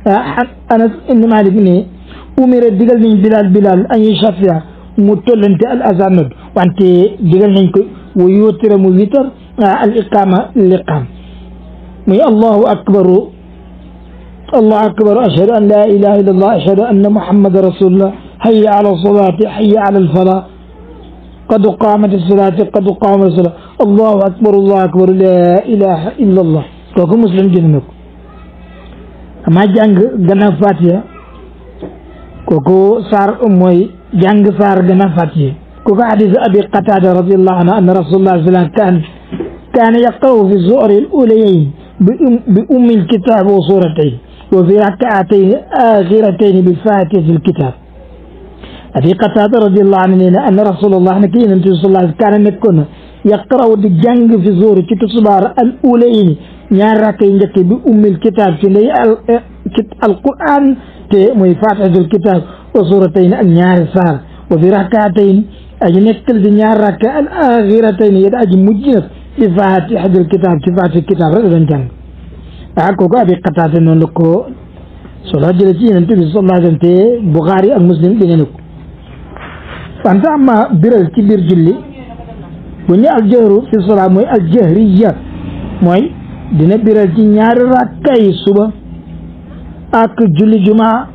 آه، أنا إن ما عارف umira digal nañ بلال bilaal an yusaffiha mu tollante al azanad wante digal nañ الإقامة wa yuutira mu أكبر الله أكبر أشهد أن لا إله إلا الله أشهد أن محمد رسول الله حي على الصلاة حي على الفلاح قد قامت الصلاة قد قامت الصلاة الله أكبر الله أكبر لا إله إلا الله كوكو مسلم جنمك أما جانج جنا فاتحة كوكو جانج saar mooy فاتي كوكو gannaaw أبي قتادة رضي الله عنه أن رسول الله صلى الله عليه وسلم كان يقرأ في الزهر الأوليين بأم الكتاب وصورتين وفي ركعتين آخرتين بفاتحة الكتاب أبي قتادة رضي الله عنه أن رسول الله نكين أنت صلى الله عليه كان نكون يقرأ بجانج في زور كتصبار الأولين نارك ينجك بأم الكتاب في القرآن te muy fatihatul kitab wa suratayn ak ñaari saar wa fi rakatayn aji nekkal di ñaar rakka al axiratayn yéen aji mujj nag di fatihatul kitab ci fatihatul kitab rek doon jàng ah kooku abi qataata noonu la ko solo jële ci yonent bi sallallahu alayhi wa sallam te Buxaari ak Muslim dinañu ko wante amma biral ci biir julli bu ñu aljahru fi sola mooy aljahriya mooy dina biral ci ñaari rakkay suba ak julli jumaa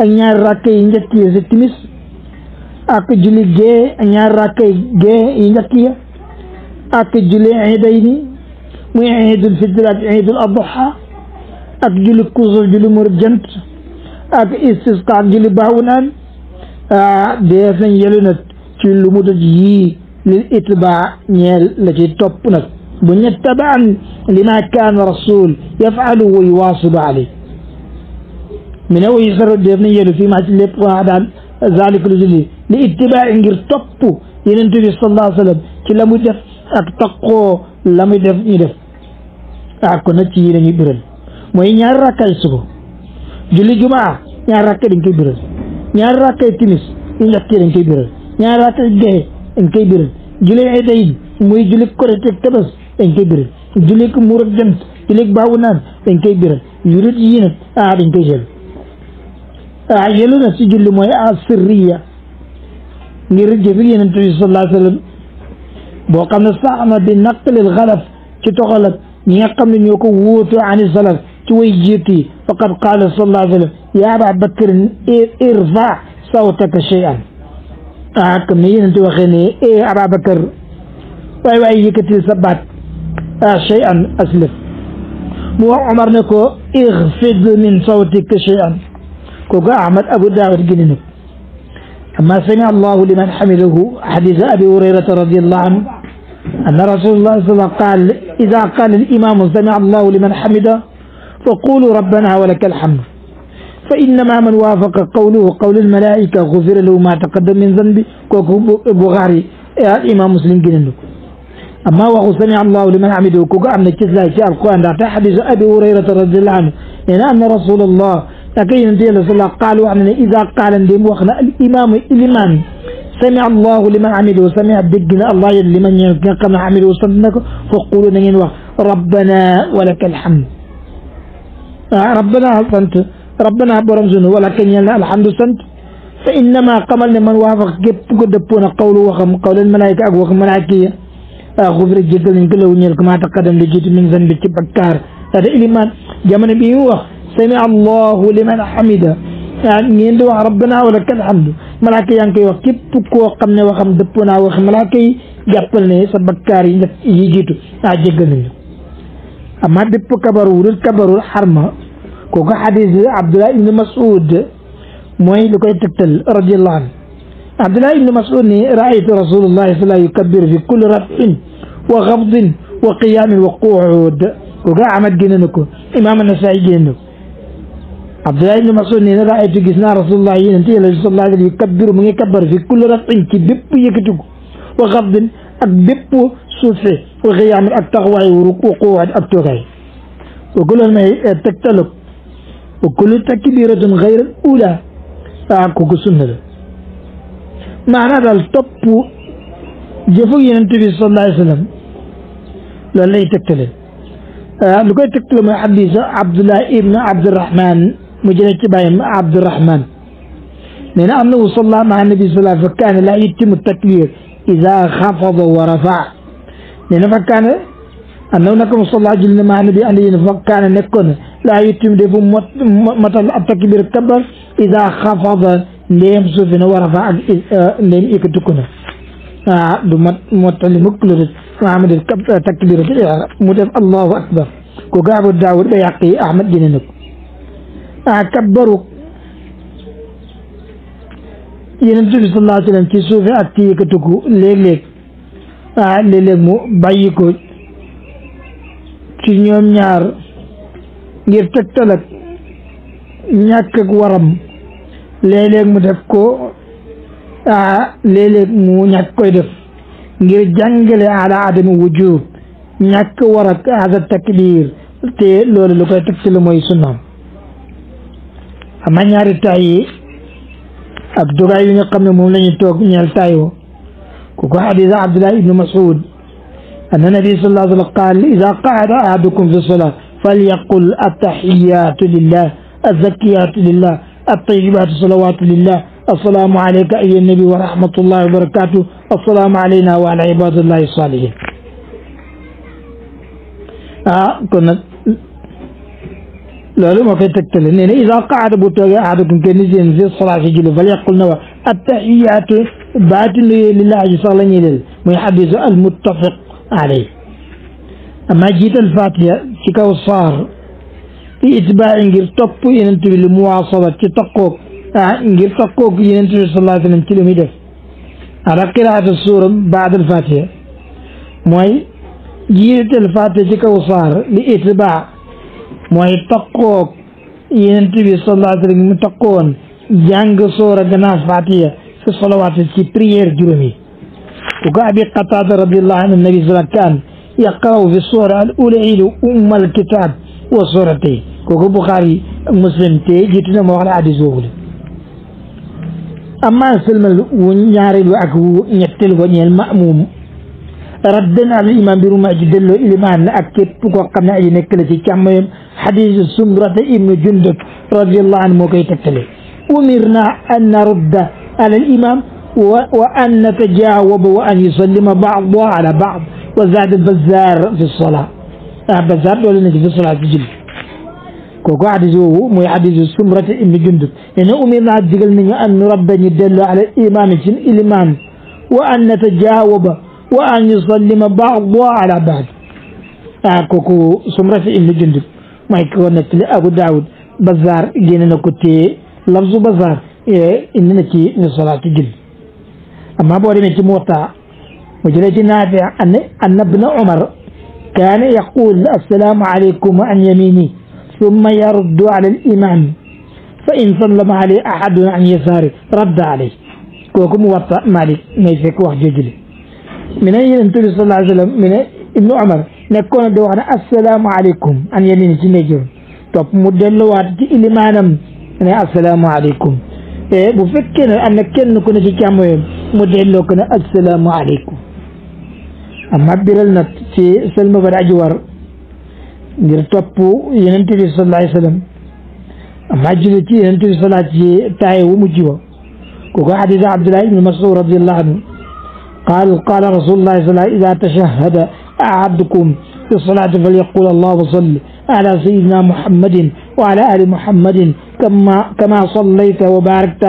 ak ñaari rakk yi njëkk yi si timis ak julli gée ak ñaari rakk gée yi njëkk yi ak julli iidayni muy iidul fitr ak iidul adha ak julli kusuf julli mur jant ak istisqa ak julli baawunaan ah, def nañ yelu nag ci lu mu daj yii lil itbaa ñeel la ci topp nag bu ñu tabaan li ma kaan rasul yafalu wa yuwaasibu alayh mi ne wuyu saro def nañ yelu fii maa ci lépp waa daan zalik lu julli li ittibaa ngir topp yeneen bi sallallahu alayhi wa ci la muy def ak taqoo la muy def def ah ko nag ci yi dañuy biral mooy ñaari rakkay suba julli jumaa ñaar rakkay dañ koy biral ñaari rakkay timis ñu def kii dañ koy biral ñaari rakkay gexe dañ koy biral julli ay dayin muy julli korite tabas dañ koy biral julli muur ak jant julli baawu naan dañ koy biral yurit yi nag ah, dañ koy jël يلونا سجل موي اسرية نير جبريل نبي صلى الله عليه وسلم بوكام نستعمى بنقل الغلف كي تغلط نيقم نيوكو ووتو عن الصلاة تويجيتي فقد قال صلى الله عليه وسلم يا ابا بكر ارفع صوتك شيئا اكم نيين انتو وخيني إيه ابا بكر واي واي يكتل سبات آه، شيئا اسلف مو عمر نكو اغفض من صوتك شيئا kooga ابو abu daawud اما سمع الله لمن حمده حديث ابي هريره رضي الله عنه أن رسول الله صلى الله عليه وسلم قال إذا قال الإمام سمع الله لمن حمده فقولوا ربنا ولك الحمد فإنما من وافق قوله قول الملائكة غفر له ما تقدم من ذنبه كوكو بغاري يا إمام مسلم جننك أما وهو سمع الله لمن حمده كوكا أمن كسلا شاء القرآن حديث أبي هريرة رضي الله عنه أن رسول الله تكين دي الرسول قالوا عنه إذا قال ديم وخنا الإمام الإمام سمع الله لمن عمله سمع دقنا الله لمن يقنا عمله سنك فقولوا نين ربنا ولك الحمد آه، ربنا سنت ربنا برمزن ولكن يلا الحمد سنت فإنما قمل من وافق جب قد بون قول وخم قول الملائكة أقوى ملائكية أخبر آه، جدا إن كل ونيل كما تقدم لجد من ذنب كبكار هذا إلمان جمن بيوخ sami'a allahu liman hamida ngeen di wax rabbana wa lakal hamdu malaaka yaa ngi koy wax képp koo xam ne waxam dëppoo naa wax malaaka yi jàppal ne sa bakkaar yi njëkk yi jiitu ah jéggal nañu amma dëpp kabaru dul kabarul xarma kooku xadis Abdullah ibn Mas'ud mooy lu koy tegtal radiyallahu anhu Abdullah ibn Mas'ud ne raaytu rasulullahi sallallahu yukabbiru fi kulli rafin wa xafdin wa qiyaamin wa quud kooku Ahmad génne na ko Imaam Nasaa'i génne na ko عبد الله بن مسعود نينا رأيت جسنا رسول الله ين انتي الله صلى الله عليه يكبر من يكبر في كل رفع كي دب يكتوك وغض اكدب سوسة وغيام اكتغوى وركوع قوات اكتغي وكل ما تكتلب وكل تكبيرة غير الأولى أعقوك سنة معنى هذا التب جفو ينتبه صلى الله عليه وسلم لأنه تكتلب لكي تكتلب من حديث عبد الله ابن عبد الرحمن مجنك بايم عبد الرحمن من أمنه صلى الله مع النبي صلى الله عليه وسلم فكان لا يتم التكبير إذا خفض ورفع من فكان أنه نكم صلى الله جلنا مع النبي أنه فكان نكون لا يتم دفع مطل التكبير كبر إذا خفض نيم سفن ورفع نيم آه، إكتكونا آه، مطل مكلر محمد التكبير مدف الله أكبر كقعب الدعوة بيعقي أحمد جنينكم ah kabbaru yonent bi sallallahu alayhi wa sallam ak ci yëkkatiku léeg-léeg ah léeg-léeg mu bàyyi ko ci ñoom ñaar ngir tegtal ak ñàkk waram léeg mu def ko ah léeg mu ñàkk koy def ngir jàngale ala adami wujub ñàkk war ak ada takdir te loolu lu koy tegtal mooy sunnaam am na ñaari taay yi ab dogaay yi nga xam ne moom la ñu toog ñeel ku ko xadisa abdullah ibnu masud أن النبي صلى الله عليه وسلم قال إذا قعد أحدكم في الصلاة فليقل التحيات لله الزكيات لله الطيبات الصلوات لله السلام عليك أيها النبي ورحمة الله وبركاته السلام علينا وعلى عباد الله الصالحين آه كنا لولو ما في تكتل إن يعني إذا قعد بوتوغا أحدكم كنيسين في الصلاة في جلو فليقل نوا التحيات بات لله صلى الله عليه ويحبز المتفق عليه أما جيت الفاتحة شكاو صار في إتباع إنجير تقو ينتبه للمواصلة تقوك آه، إنجير تقو ينتبه صلى الله عليه وسلم كيلومتر على قراءة السورة بعد الفاتحة موي جيت الفاتحة شكاو صار لإتباع ويتقوك ينتبه صلى الله عليه وسلم متقون جانج سورة ناس فاتية في الصلوات في بريير جرمي وقابي قتادة رضي الله عنه النبي صلى الله عليه وسلم كان يقرأ في الصورة الأولى إلى أم الكتاب وصورته كوكو بخاري مسلم تي جتنا موغلا حديث وغلا أما سلم ونياري وأكو نيتل ونيال مأموم ربنا على الإمام بروما جدلو إلمان أكيد بقوة قمنا أي نكلة جامعي حديث السمرة ابن جندك رضي الله عنه كي تتلي أمرنا أن نرد على الإمام وأن نتجاوب وأن يسلم بعض على بعض وزاد البزار في الصلاة البزار آه، ولا في الصلاة في جل كوكو حديثه مو حديث سمرة ابن جندك يعني أمرنا أن نرد على الإمام إلمان وأن نتجاوب وأن يسلم بعض على بعض أكوكو سمرة ابن جندب ما يكون أبو داود بزار جينا نكتي لفظ بزار إيه، إننا كي نصلاة جل أما بوري من موتا وجلت نافع أن أن ابن عمر كان يقول السلام عليكم عن يميني ثم يرد على الإمام فإن سلم عليه أحد عن يساره رد عليه كوكو موتا مالك ما يسكوح ججلي mi ne yonent bi sallallahu alayhi wa sallam mi ne ibnu Umar nekkoon na di wax ne assalaamu aleykum an yamini ci ndeyjoor topp mu delluwaat ci ilimaanam ne assalaamu aleykum e bu fekkee ne am na kenn ku ne ci càmmoñam mu delloo ko ne assalaamu aleykum amma biral nag ci sëlma ba aji war ngir topp yonent bi sallallahu alayhi wa sallam amma julli ci yonent bi sallallahu ci taaye wu mujj wa kooku xadiis Abdullah ibnu Mas'ud radiyallahu anhu قال قال رسول الله صلى الله عليه وسلم إذا تشهد أعدكم في الصلاة فليقول الله وصل على سيدنا محمد وعلى آل محمد كما كما صليت وباركت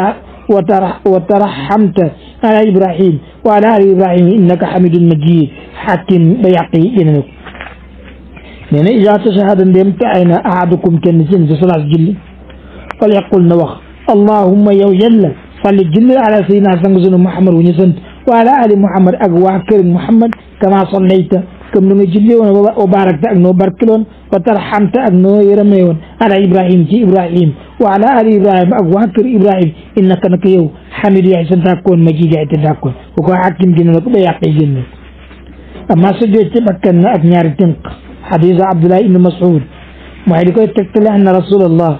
وترحمت على إبراهيم وعلى آل إبراهيم إنك حميد مجيد حكيم بيقي إنك لأن إذا تشهد دمت أين أعدكم كنسين في صلاة الجل فليقول نوخ اللهم يوجل الجل على سيدنا محمد ونسنت وعلى آل محمد أقوى كريم محمد كما صليت كم نجليون وباركت أقنو باركلون وترحمت أقنو يرميون على إبراهيم جي إبراهيم وعلى آل إبراهيم أقوى كريم إبراهيم إنك نكيو حميد يحسن تاكون مجيد يحسن تاكون وكو حاكم جنلك بيقي جنلك أما سجدت مكنا أكنار تنك حديث عبد الله بن مسعود وحيدك تقتل أن رسول الله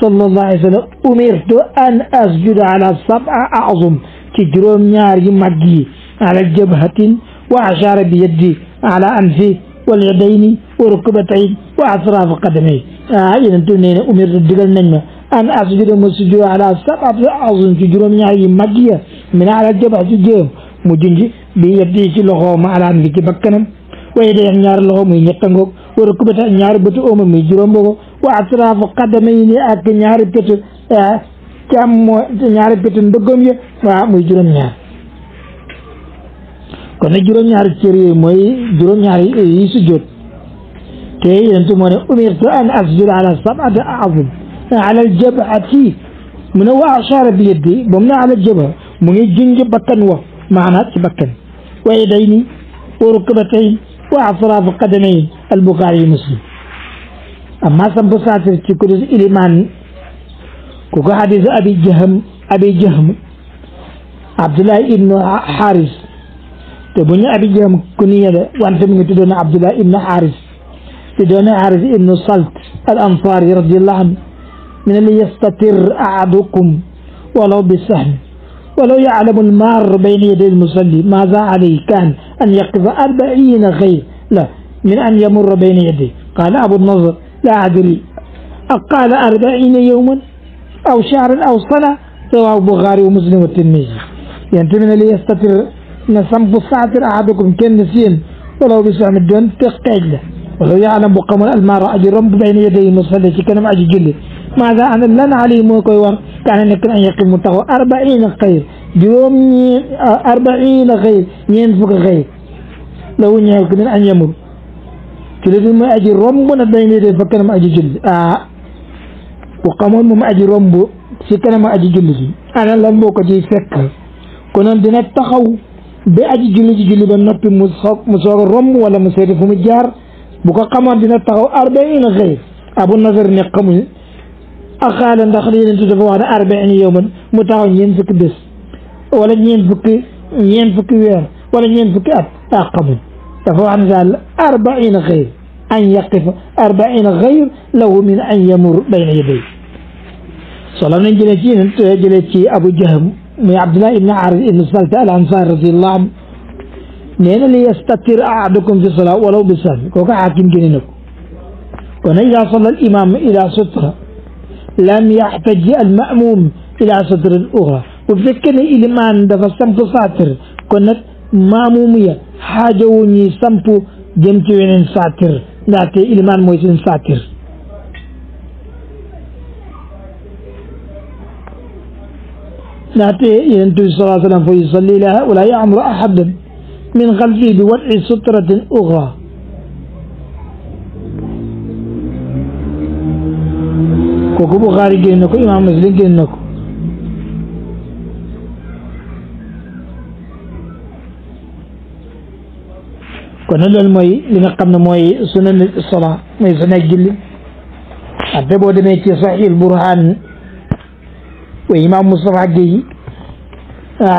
صلى الله عليه وسلم أمرت أن أسجد على سبع أعظم ci juróom ñaar yu màgg yi ala jabhatin wa ashara bi yeddi ala anfi wal yadayni wa rukbatay wa atrafa qadamay a yenentu nee ne umirtu digal nañ ma an asjuda ma sujud ala sab'ati azun ci juróom ñaar yu màgg ya min ala jabha ci jéem mu junji bi yeddi ci loxoom ala anfi ci bakkanam way day am ñaari loxo muy ñettangoog war a kubata ñaari bëtu omo muy juróom boobu wa atrafu qadama yi ni ak ñaari bëtu ci am moo ñaari bëti ndëggam ya waaw muy juróom-ñaar kon nag juróom-ñaari cër yooyu mooy juróom-ñaari yi su jot te yonent moo ne umirtu an asjuda ala sab'ati a'zum ala aljabhati mu ne wa ashara bi yeddi ba mu ne ala jabha mu ngi junj bakkan wa maanaam ci bakkan wa yadayni wa rukbatayn wa atraafu qadamayn al bukaari muslim amma samp saatir ci kudus ilimaan كوكو حديث أبي جهم أبي جهم عبد الله ابن حارس تبني أبي جهم كنية وأنت من تدون عبد الله ابن حارس تدون حارس ابن صلت الأنصاري رضي الله عنه من اللي يستتر أحدكم ولو بالسهم ولو يعلم المار بين يدي المصلي ماذا عليه كان أن يقف أربعين خير لا من أن يمر بين يديه قال أبو النظر لا أدري قال أربعين يوما أو شهر أو سنة رواه بغاري ومسلم والترمذي ينتمي يعني لي يستطر نسم بساتر أحدكم كان نسيم ولو بسعم الدون له ولو يعلم بقم المارة أجرم بين يديه مصلي كان معجي جلي ماذا أنا لن علي موكوي ور كان نكن أن يقيم متغو أربعين خير جروم آه، أربعين خير ينفق خير لو يمكن أن يمر كل ما أجي رمبنا بين يديه فكان معجي جلي آه وكمان مم أجي رمبو سكنا ما أجي جلجي أنا لمبو كذي فكر كنا دنا تخو بأجي جلجي جلبي بنات في مسخ مسخ رم ولا مسير في مجار بكا كمان دنا تخو أربعين غير أبو نظر نقم أخالا داخلين أنتو دفعوا هذا أربعين يوما متعون ينفك بس ولا ينفك ينفك وير ولا ينفك أب أقم دفعوا هذا أربعين غير أن يقف أربعين غير له من أن يمر بين يديه صلى الله عليه جلتي أبو جهم من عبد الله بن عارف بن سلطة الأنصار رضي الله عنه نين اللي يستطير أحدكم في الصلاة ولو بسهم كوكا حاكم جنينكو وإذا صلى الإمام إلى سترة لم يحتج المأموم إلى سترة أخرى وفكني ما دفع سمت ساتر كنت مامومية حاجة وني سمت جمت وين ساتر لاتي إلمان مويسين ساتر لاتي ينتوي صلى الله عليه وسلم فيصلي لها ولا يعمر أحد من خلفي بوضع سترة أخرى كوكو بخاري كينكو إمام مسلم كينكو كون لول موي موي سنن الصلاه موي سنن الجلي حتى بو البرهان وي مصطفى جي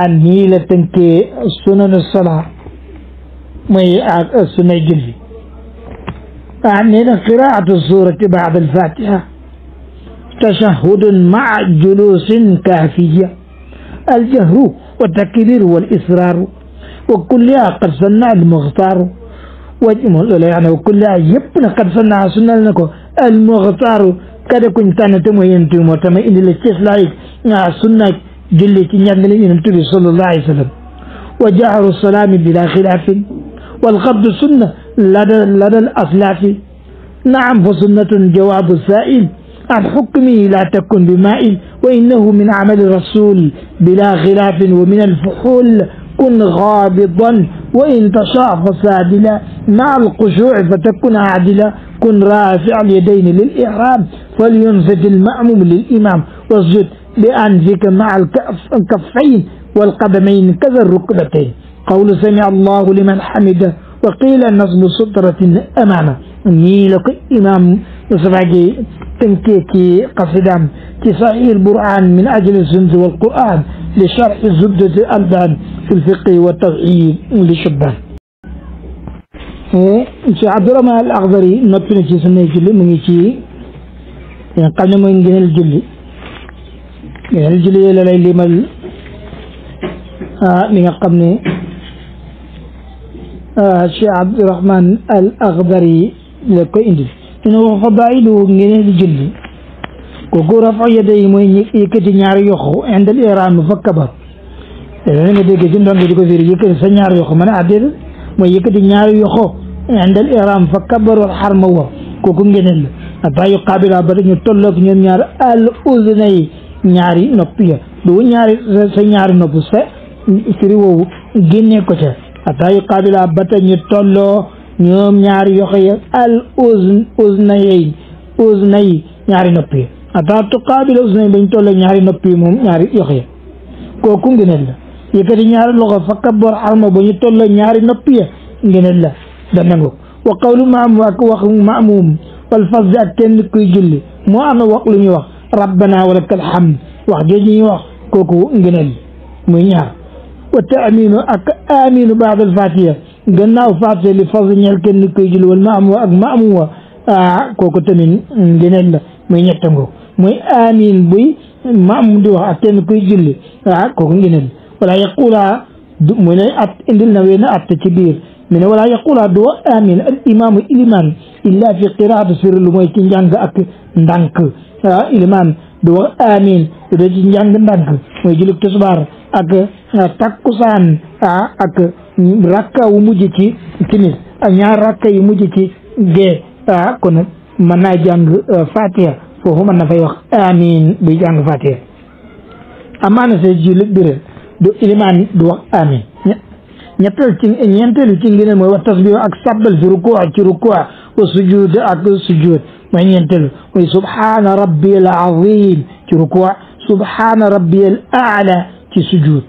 ان ني سنن الصلاه موي اك سنن الجلي السورة بعد الفاتحة تشهد مع جلوس كافية الجهر والتكبير والإصرار وكلها قد سنع المختار wajumul ilayhana wa kullaha yépp na xat sanna sunnal na ko al muxtaaru kada kuñ tànn te mooy yonent bi moo tamay indi la ci islaam nga sunna julli ci njàngale yonent bi sallallahu alayhi wa sallam wa jahru salaami bila xilaafin wal qabdu sunna lada lada al aslaafi naam fa sunnatun jawaabu saa'il عن حكمه لا تكن بمائل وإنه من عمل الرسول بلا خلاف ومن الفحول كن غاضبا وإن تشاء فسادلا مع الخشوع فتكن عادلا كن رافع اليدين للإحرام فلينسج المأموم للإمام واسجد بأنفك مع الكفين والقدمين كذا الركبتين قول سمع الله لمن حمده وقيل نصب سطرة أمامه نيلك لك إمام تنكيكي قصدام صحيح البرعان من أجل الزند والقرآن لشرح الزبدة الألبان في الفقه والتضعيف لشبان إيه عبد الرحمن الأخضري نطلنا شي سنة جلي من شي يعني قلنا ما ينجل الجلي يعني الجلي إلى لا مال آه من قبل آه عبد الرحمن الأخضري لكو إنجلي ne wax fa bàyyi lu ngeen di julli kooku rafa yadda yi mooy ñi yëkkati ñaari yoxu indal iraam fa kabar dana nga dégg ci ndongi di ko firi yëkkati ñaari yoxu ma ne addir ah, mooy yëkkati ñaari yoxu indal iraam fa kabar wal xarma wa kooku ngeen la ata yu qaabila ba dañu tolloog ñoom ñaar al uzna yi ñaari nopp ya du ñaari sa ñaari nopp sa firi woowu génnee ko ca ata yu qaabila ba dañu tolloo ñoom ñaari yoxo ya al uzn uznayin uznayi ñaari nopp yi ata tuqaabila uznayin bañ tolle ñaari nopp yi moom ñaari yoxo ya kooku ngeneen la yëkkati ñaari loxo fa kabbar arma ba ñu tolle ñaari nopp ya ngeneen la da nangu wa qawlu maamum ak wax maamum wal fasdi ak kenn kuy julli moo am na wax lu ñuy wax rabbana wa lakal hamd wax jooju ñuy wax kooku ngeneen muy ñaar wa taaminu ak aminu baad al fatiha gannaaw faatee li fas ñeel kenn koy jul wal maam wa ak maam wa ah kooku la muy ñettango muy amiin buy maam di wax ak kenn koy julli ah kooku ngeneen wala yaqula du mu ne at indil na wenn at ci biir mu ne wala yaqula du wax al imaamu ilimaan illa fi qiraatu sir lu mooy ci njàng ak ndànk ah ilimaan du wax amiin lu ci njàng ndànk mooy julli ak ah, takkusaan ah ak rakka wu mujj ci timis ak ñaar rakka yu mujj ci gee ah, kon nag mën euh, fatiha foofu mën fay wax amin buy jàng fatiha amaana say jullit biral du ilimaan du wax amin ñettal ci ñeenteelu ci mooy wax tasbih ak sabbal fi rukuu ci rukuu wa sujud ak sujud mooy ñeenteelu mooy subhaana rabbiyal azim ci rukuu subhaana rabbiyal aala ci sujud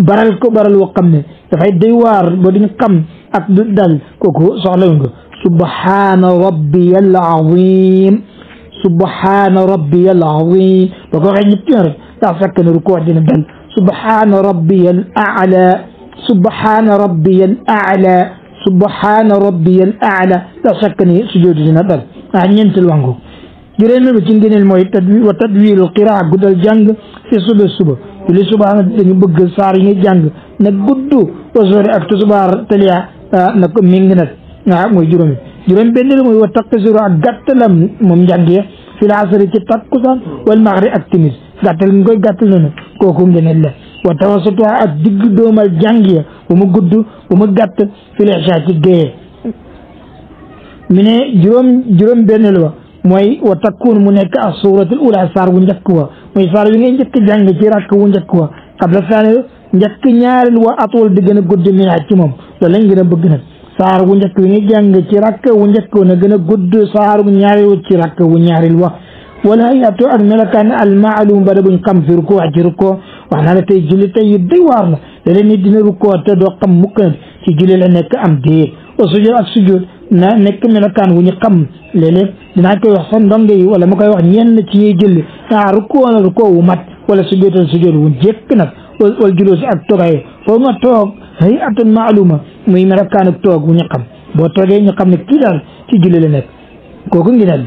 baral ko baral wo xamne da fay doy war bo duñ xam ak du dal koku soxla ko subhana rabbiyal azim subhana rabbiyal azim boo ko waxee ñepp yoon da fek na ru ko dina dal subhana rabbiyal ala subhana rabbiyal ala subhana rabbiyal ala da fekk ne sujood dina dal ah ñeenteel wango juróomeel bi ci ngeenel moy tadwi wa tadwiiru qiraa gudal jàng fi suba suba julli suba nag dañu bëgg saar yi ngay jàng ah, ah, nag gudd asori ak tusubaar taliya nag mingi nag nga mooy juróomi juróom benn la mooy wa taqsiro ak gàttalam moom njàngee fi la asari ci takkusaan wal maxri ak timis gàttal nga koy gàttal noonu kooku ngeneen la wa tawasatu ah, ak digg doomal jàng ya bu mu gudd bu mu gàtt fi la ci géyee mi ne juróom juróom benn mooy wa takkuun mu nekk ak suuratul ula saar wu njëkk wa mooy saar wi ngay njëkk jàng ci rakk wu njëkk wa qabla saani njëkk ñaareel wa atool di gën a gudd min ci moom loolu lañ gën a bëgg nag saar wu njëkk wi ngay jàng ci rakk wu njëkk wa na gën a gudd saar wu ñaareel wa ci rakk wu ñaareel wa wala hayatu ak melokaan almaalum ba da buñ xam fi rukkoo ci rukkoo wax naa la tey julli tey yu day waar la léeg-léeg nit dina rukkoo te doo xam mukk nag ci julli la nekk am déet wa sujud ak sujud na nekk melokaan wu ñu xam léeg-léeg dinaa koy wax sa ndongo yi wala ma koy wax ñenn ci ñuy julli ah rukkoo na wu mat wala sujjóotal sujjóot wu jëkk nag wala juloosi ak toogaay foo nga toog hay atun maaluma muy melokaan ak toog wu ñu xam boo toogee ñu xam ne kii daal ci julli la nekk kooku ngi nag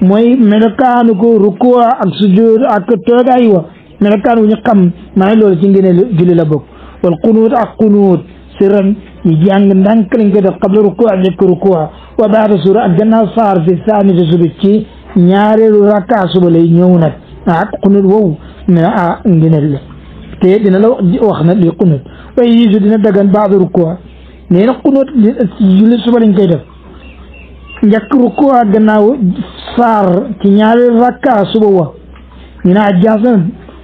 mooy melokaanu ko rukkoo ak sujjóot ak toogaay wa melokaan wu ñu xam maa ngi ci ngëneelu julli la bokk wal qunuut ak qunuut sirran yi jàng ndànk lañ koy def qabla rukuu njëkk rukuu wa baada suura ak gannaaw saar fi saani si suba ci ñaareelu rakka suba lay ñëw a ah xunut wow ne ah ngëneel la te dina la wax na li xunut waaye yii dina dagan baada rukuu nee na suba lañ koy def njëkk rukuu gannaaw saar ci ñaareelu rakka suba wa ah, na naan jaas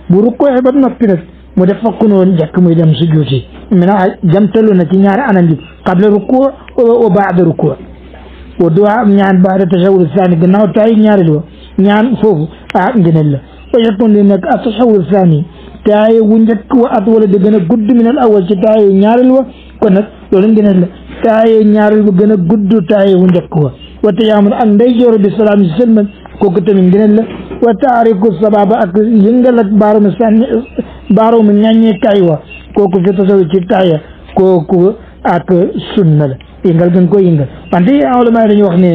bu rukuu ba noppi nag mu def fa xunut njëkk muy dem juuti mina jamtalu na ci ñaar anam yi qabla ruku wa baada ruku wa du'a ñaan baada tashawul a gannaaw taay ñaari do ñaan foofu ah ngëneel la wa yakun li nekk atashawul saani taaye wu njëkk wa at wala di gën a gudd min al awal ci taaye ñaareel wa kon nag loolu ngëneel la gën a gudd taaye wu njëkk wa wa tayaamul ak ndey jooro bi salaam si sëlmal sababa ak yëngal ak baaru mu sànni baaru wa kooku fi tasawu ci taaya kooku ak sunna la yëngal gën ko yëngal wante ulama yi dañu wax ne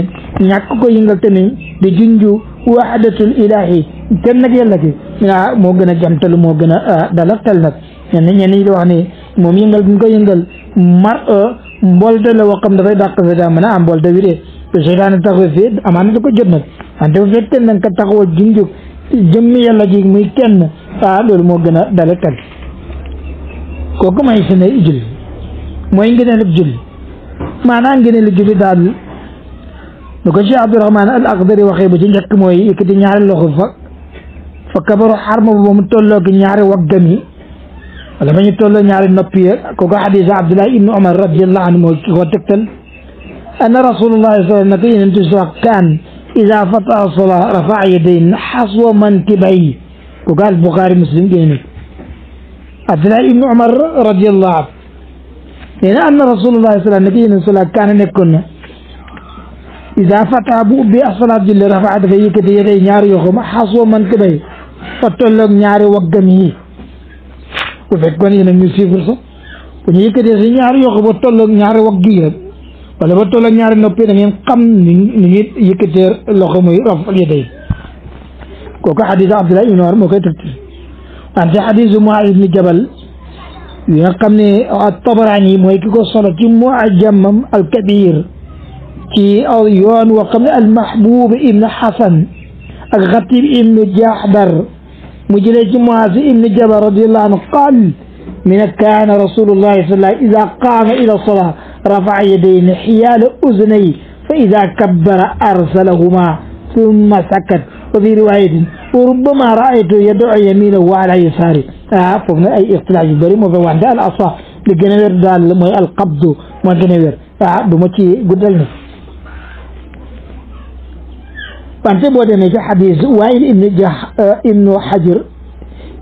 ñàkk ko yëngal tamit di junju wahdatul ilahi kenn nag yàlla ki ah moo gën a jamtal moo gën a ah, dalaktal nag ñenn ñenn ñi di wax ne moom yëngal gën ko yëngal mar ah, mbolde la waxam dafay dàq sa daa mën a am mbolde wi de te seytaane ko jot nag wante bu fekkee nag ka taxawal junju jëmmi yàlla ji muy kenn ah loolu moo gën a dalaktal كوكما يسنى إجل موينجن ما نانجن الجل دال نقشي عبد الرحمن الأقدر وخيب جنجك موي يكتي نعر اللغفة فكبر حرم ومتول لك ولما يتول لك نعر كوكا حديث عبد الله إبن عمر الله عنه هو تقتل أن رسول الله صلى الله عليه وسلم نبي كان إذا فطر الصلاة رفع يدين حصو منتبعي وقال البخاري مسلم جنجك عبد الله بن عمر رضي الله عنه لأن رسول الله صلى الله عليه وسلم كان نكون إذا فتح بأحسن عبد الله رفع دفعه كتير نار يخم حصو من كبه فتلق نار وقمه وفكون هنا نسي فرصة ونهي كتير نار يخم فتلق نار وقمه ولا ba toll ak ñaari noppi da ngeen xam ni ni ñuy yëkkatee loxo muy raf yedey kooku في حديث معاذ بن جبل يقمني الطبراني موي كيكو صلاه كي معجم الكبير كي اليون وقمني المحبوب ابن حسن الغتيب ابن جحدر مجلي كي معاذ ابن جبل رضي الله عنه قال من كان رسول الله صلى الله عليه وسلم اذا قام الى الصلاه رفع يديه حيال اذنيه فاذا كبر ارسلهما ثم سكت وفي رواية وربما رأيت يدعو يمينه وعلى يساره آه، عفوا أي اقتلاع بريم وفوان ده الأصح لجنوير ده القبض ما جنوير آه، بمتي قدلنا فانت بودا نجا حديث وائل ابن جح آه، ابن حجر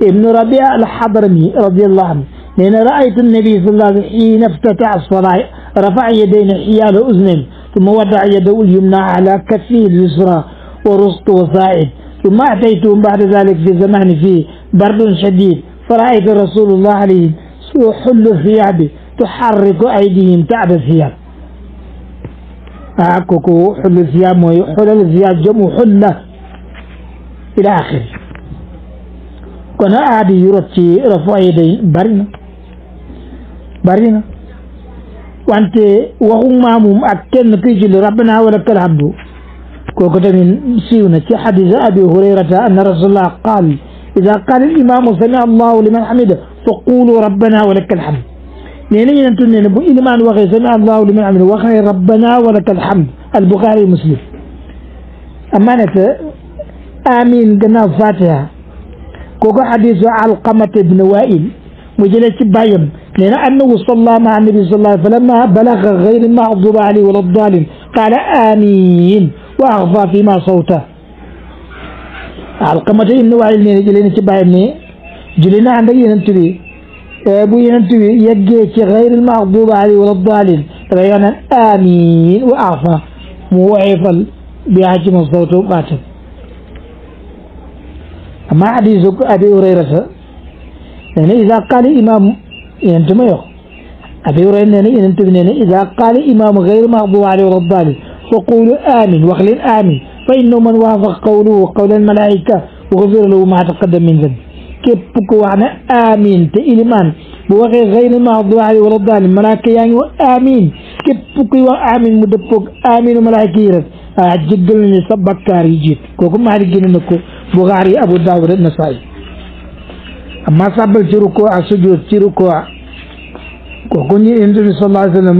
ابن ربيع الحضرمي رضي الله عنه لأن رأيت النبي صلى الله عليه وسلم حين افتتح الصلاة رفع يديه حيال أذنين ثم وضع يده اليمنى على كفه اليسرى ورزق وصائد ثم أتيتهم بعد ذلك في زمان فيه برد شديد فرأيت رسول الله عليه يحل ثيابي تحرك أيديهم تعب الثياب أعكك حل الثياب وحلل الثياب جمع حل إلى آخره كنا أعدي يرتي رفع يدي برنا برنا وأنت وهم مامهم أكن كيجل ربنا ولك الحمد كوكتا من سيونة حديث أبي هريرة أن رسول الله قال إذا قال الإمام سمع الله لمن حمده فقولوا ربنا ولك الحمد نيني ننتن نبو إلمان وغي سمع الله لمن حمده وغي ربنا ولك الحمد البخاري أما أمانة آمين قنا الفاتحة كوكو حديث علقمة بن وائل مجلس بايم لأن أنه صلى مع النبي صلى الله عليه وسلم فلما بلغ غير المغضوب عليه ولا الضالين قال آمين واخفى فيما صوته القمة إن وعي لين جلين تبعي مني جلين عندك ينتبه أبو ينتبه يجيك غير المغضوب عليه ولا الضالين طبعا آمين وأعفى موعفا بحجم الصوت باتب ما عدي زك أبي هريرة يعني إذا قال إمام ينتبه أبي هريرة يعني, يعني إذا قال إمام غير المغضوب عليه ولا الضالين فقولوا آمن وخلين آمن فإنه من وافق قوله وقول الملائكة وغفر له ما تقدم من ذنب كيبك وعنا آمين تإلمان بوغي غير ما أضوى علي ولا الضالي ملائكة يعني آمين كيبك وآمين مدفق آمين ملائكة يرد أعجد آه، لني سبك كاري جيت كوكو ما حدقين نكو بغاري أبو داور النسائي أما سابل تيروكو أسجو تيروكو كوكو نير صلى الله عليه وسلم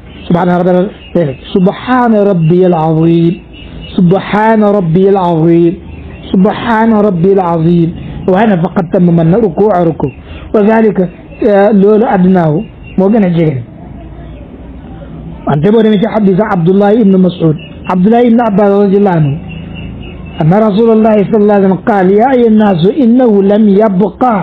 سبحان ربنا سبحان ربي العظيم سبحان ربي العظيم سبحان ربي العظيم وأنا فقد تممنا ركوع ركوع وذلك آه، لولا أدناه موجنا جيرين أنت بوري حديث عبد الله بن مسعود عبد الله بن عباس رضي الله عنه أن رسول الله صلى الله عليه وسلم قال يا أيها الناس إنه لم يبقى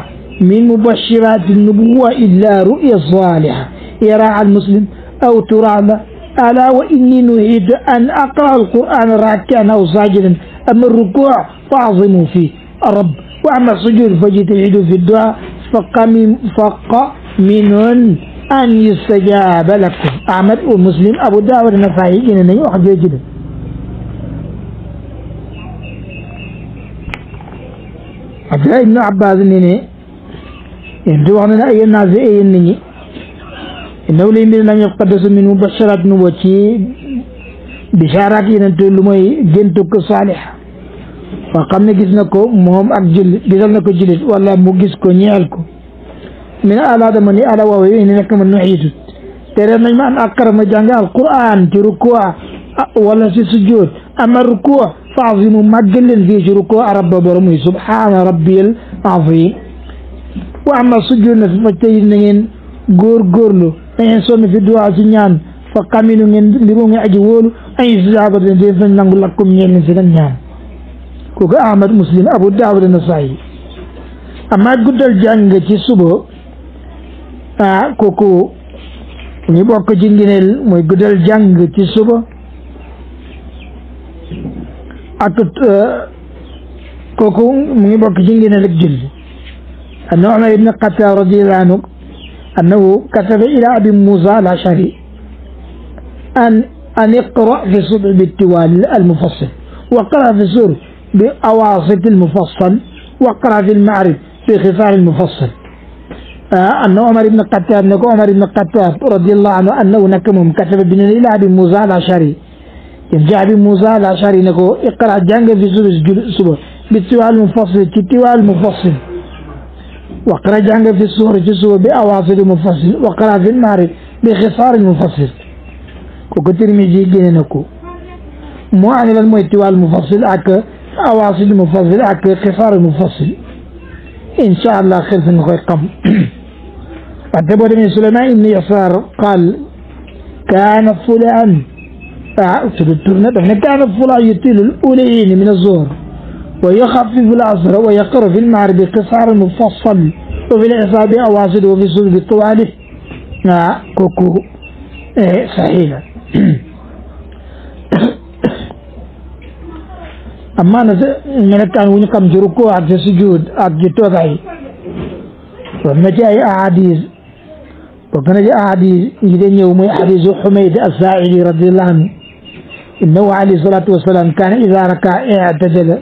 من مبشرات النبوة إلا رؤيا صالحة يراها المسلم أو ترامة ألا وإني نهيد أن أقرأ القرآن راكعا أو ساجدا أما الركوع فأعظم فيه الرب وأما السجود فجتهد في الدعاء فقم فق من أن يستجاب لكم أحمد ومسلم أبو داود النفائي إن يحجي جدا عبد الله بن عباس إنني إن دعونا أي اي إنني innahu lay mbir lam yuqaddasu min mubasharat nu ba ci bishaaraat yenente lu mooy géntug saalix wa xam ne gis na ko moom ak jullit gisal na ko jullit wala mu gis ko ñeel ko min alaadama ni ala waaw yi ne nekk ma nuxiitu te reer nañ ma an akkara ma jàng alquran ci rukua wala si sujud ama rukua faazimu màggal leen fii ci rukua arab ba borom muy subhaana rabbiyal azim wa ama sujud na fi fa tey na ngeen góorgóorlu dañuy sonn fi duwaa si ñaan fa kaminu ngeen li mu ngi aji wóolu ay jaaba de def nañ ñeen ñaan ahmad muslim abu Dawud na sayi amma guddal jàng ci ah koku ñu bok ci ngineel mooy guddal jàng ci suba ak kooku mu ngi bokk ci ngineel ak julli anna ibn xattaab radiyallahu anhu أنه كتب إلى أبي موسى الأشعري أن أن اقرأ في سورة بالتوالي المفصل واقرأ في سورة بأواسط المفصل واقرأ في المعرف خفار المفصل آه، أن عمر بن القتاب أن عمر بن القتاب رضي الله عنه أنه نكمهم كتب بن إلى أبي موسى الأشعري يرجع أبي موسى الأشعري نكو اقرأ جانب في سورة بالتوالي المفصل التوالي المفصل وقرأ عنك في السور جسوا بأوافد مفصل وقرأ في النار بخصار مفصل وكتير ميجي جنينكو مو عن المحتوى المفصل أك أواصل المفصل أك خصار المفصل إن شاء الله خير في قم وتبوت من سليمان إن يسار قال كان فلان الترنة كان فلان يطيل الأولين من الزهر ويخفف العصر ويقر في المعرب قصار مفصل وفي العصاب أواصل وفي الزلق طوال مع كوكو إيه، صحيحة أما من كان ونكم جركو عبد سجود عبد توضعي ومجاي أحاديث وكان أحاديث يدين يوم حديث حميد الساعدي رضي الله عنه إنه عليه الصلاة والسلام كان إذا ركع اعتدل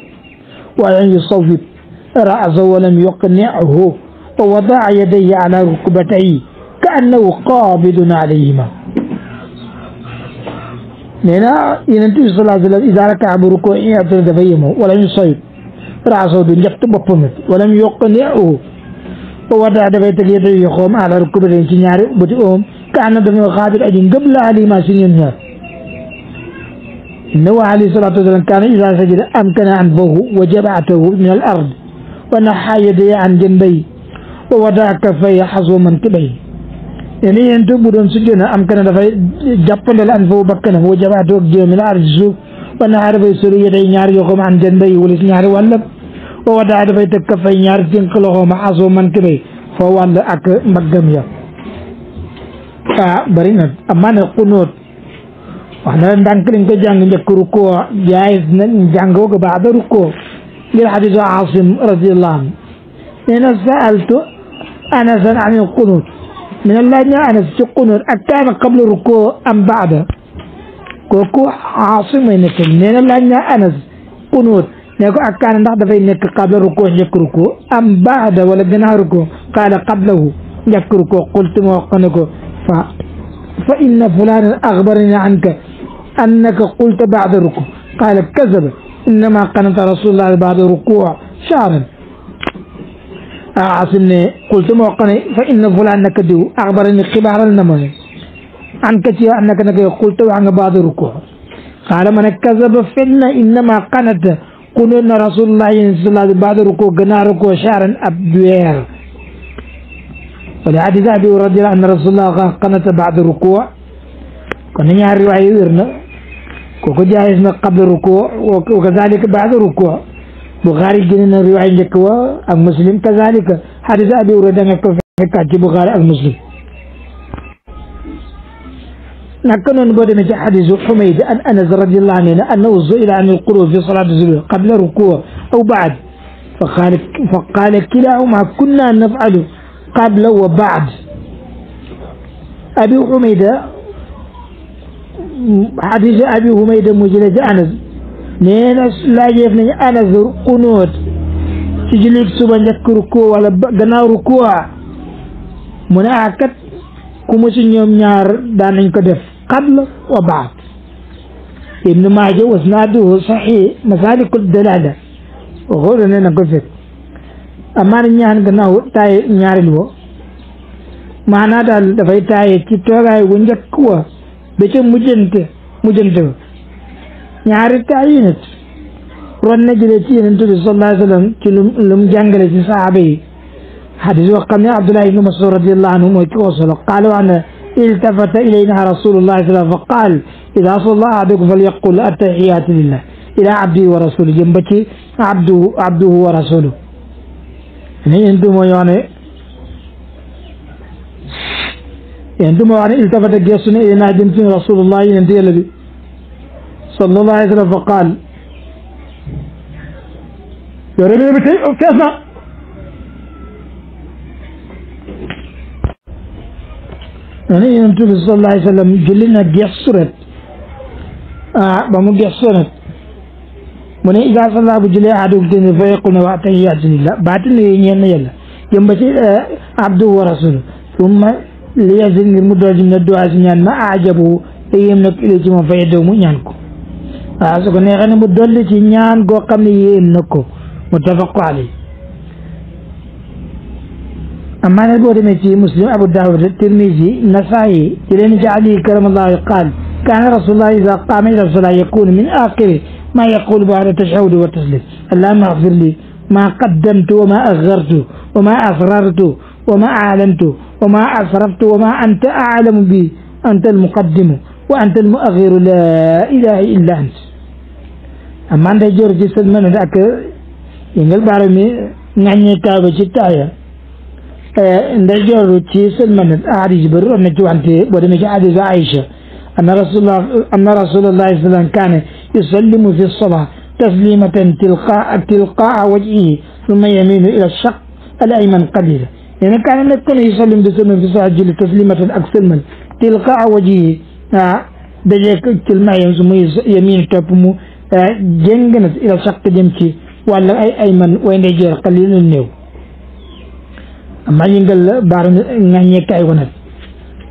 وأن يصوب رأسه ولم يقنعه ووضع يديه على ركبتيه كأنه قابض عليهما لأن النبي صلى الله عليه وسلم إذا ركع بركوع اعترض بيمه ولم يصوب رأسه بنجبت بفمت ولم يقنعه ووضع يديه يده يقوم على ركبتيه كأنه قابض عليهما سنين قبل إنه عليه الصلاة والسلام كان إذا سجد أمكن عن أنفه وجبعته من الأرض ونحى يدي عن جنبي ووضع كفيه حصو منكبيه يعني أنتم بدون سجدنا أمكن دفع جبل أنفه بكنه وجبعته من الأرض سوف ونحى رفي سري يديه نار يخم عن جنبي وليس نار والب ووضع دفع تكفيه نار جنقلهم حصو منكبيه فهو أن أك مقدم يا برينا أما القنوت وأنا أقول لك أن الكوكو جايز من بعد الركو في عاصم رضي الله عنه أنا سألت أنا عن القنوت من الله أن أنا أكان قبل الركو أم بعد كوكو عاصم من الله أن قنوت أكان بعد فإنك قبل الركو يك أم بعد قال قبله يك قلت موقنك ف فإن فلان أخبرني عنك أنك قلت بعد الركوع قال كذب إنما قنت رسول الله بعد الركوع شعرا أعصمني قلت موقني فإن فلان نكدو أخبرني خبار النمو عن عنك أنك نكدو قلت عن بعد الركوع قال من كذب فإن إنما قنت قلنا رسول الله صلى الله عليه وسلم بعد ركوع قنا ركوع شعرا أبدوير ولحديث أبي رضي أن رسول الله قنت بعد الركوع كنا نعرف رواية كوكو جائز من قبل الركوع وكذلك بعد الركوع بخاري جنن الرواية نكوا المسلم كذلك حديث أبي هريرة نكوا في بخاري المسلم نكن نبدا من حديث حميد أن أنس رضي الله عنه أنه زئل عن القلوب في صلاة الزهور قبل الركوع أو بعد فقال فقال كلاهما كنا نفعل قبل وبعد أبي حميدة xadiisu abi humayda mu jële ci anas nee na laajeef nañu anas qunóot ci jullit suba njëkk rukkoo wala gannaaw rukkoo mu ne ah ku mu ci ñoom ñaar daan nañ ko def qabla wa baad ibnu maaja wasnaaduhu saxiix masaalikul dalaala waxoo ne na ko fekk amaana ñaan gannaaw taay ñaaril wo maanaa daal dafay taaye ci toogaay wu njëkk ba ca mujjante mujjante ba ñaari taayinat ron na jëlee ci yeneen tudd sallallahu alayhi wa sallam ci lu lu mu jàngale ci saaba yi xadis wax xam ne abdulahi ibnu masud radiallahu anhu mooy ki ko solo qaala wax na iltafata ilayna rasulullahi sallam fa qaal ida salla ahadukum falyaqul attahiyaatu lillah ila abdihi wa rasuli jëm ba ci abduhu abduhu wa rasulu ne yéen du mooy wax ne എന്തും അവൻ ഇൽട്ടപ്പെട്ട ഗേസിന് ഏനാജൻസിന് റസൂലുള്ളാഹി എന്ത് ലബി സല്ലല്ലാഹി അലൈഹി വസല്ലം ഫഖാൽ يوريني بشيء كيفنا يعني النبي صلى الله عليه وسلم جلنا لنا آه بمو قصرت من إذا صلى أبو جلي عدو كتن فيقول وعطيه يعزني الله بعدين ينين يلا ينبتي عبده ورسوله ثم ليزن المدرج من الدعاء سنيان ما أعجبه إيم نك إلي جمع فايدو مو نيانكو أعزوك نيغان مدرل جي نيان غو قم نيين نكو متفقو علي أما نبو رميتي مسلم أبو داود الترميزي نسائي جلين جا علي كرم الله قال كان رسول الله إذا قام إلى رسول يكون من آخر ما يقول بعد تشعود وتسلم اللهم اغفر لي ما قدمت وما أغرت وما أفررت وما أعلنت وما أسرفت وما أنت أعلم به أنت المقدم وأنت المؤخر لا إله إلا أنت أما أنت جورج سلمان ذاك ينقل بارمي نعني كابا جتايا أنت جورج سلمان أعرج برو أنت وأنت ودمج عدد عائشة أن رسول الله أن رسول الله صلى الله عليه وسلم كان يسلم في الصلاة تسليمة تلقاء تلقاء وجهه ثم يميل إلى الشق الأيمن قليلا يعني كان لكن يسلم بسلم في ساعة جل تسليمة أكثر من تلقاء وجهه آه، دجاك كلمة يمسمو يمين تابمو آه، جنجنت إلى شق جمتي ولا أي أيمن وين يجير قليل النيو أما ينقل بارن نانيك نعم أيونت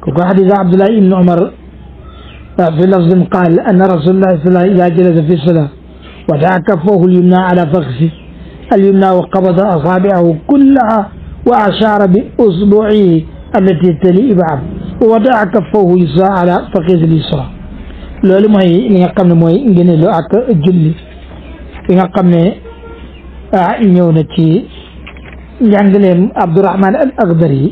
وقال حديث عبد الله بن عمر آه، في لفظ قال أن رسول الله صلى الله عليه وسلم إذا جلس في الصلاة ودعا كفه اليمنى على فخذه اليمنى وقبض أصابعه كلها وأشار بأصبعه التي تلي إبعاد ووضع كفه يسرى على فقيد اليسرى لو لم هي إن يقمن موي إن لو أك جلي إن يقمن أعينيونتي آه، يانجلين عبد الرحمن الأغدري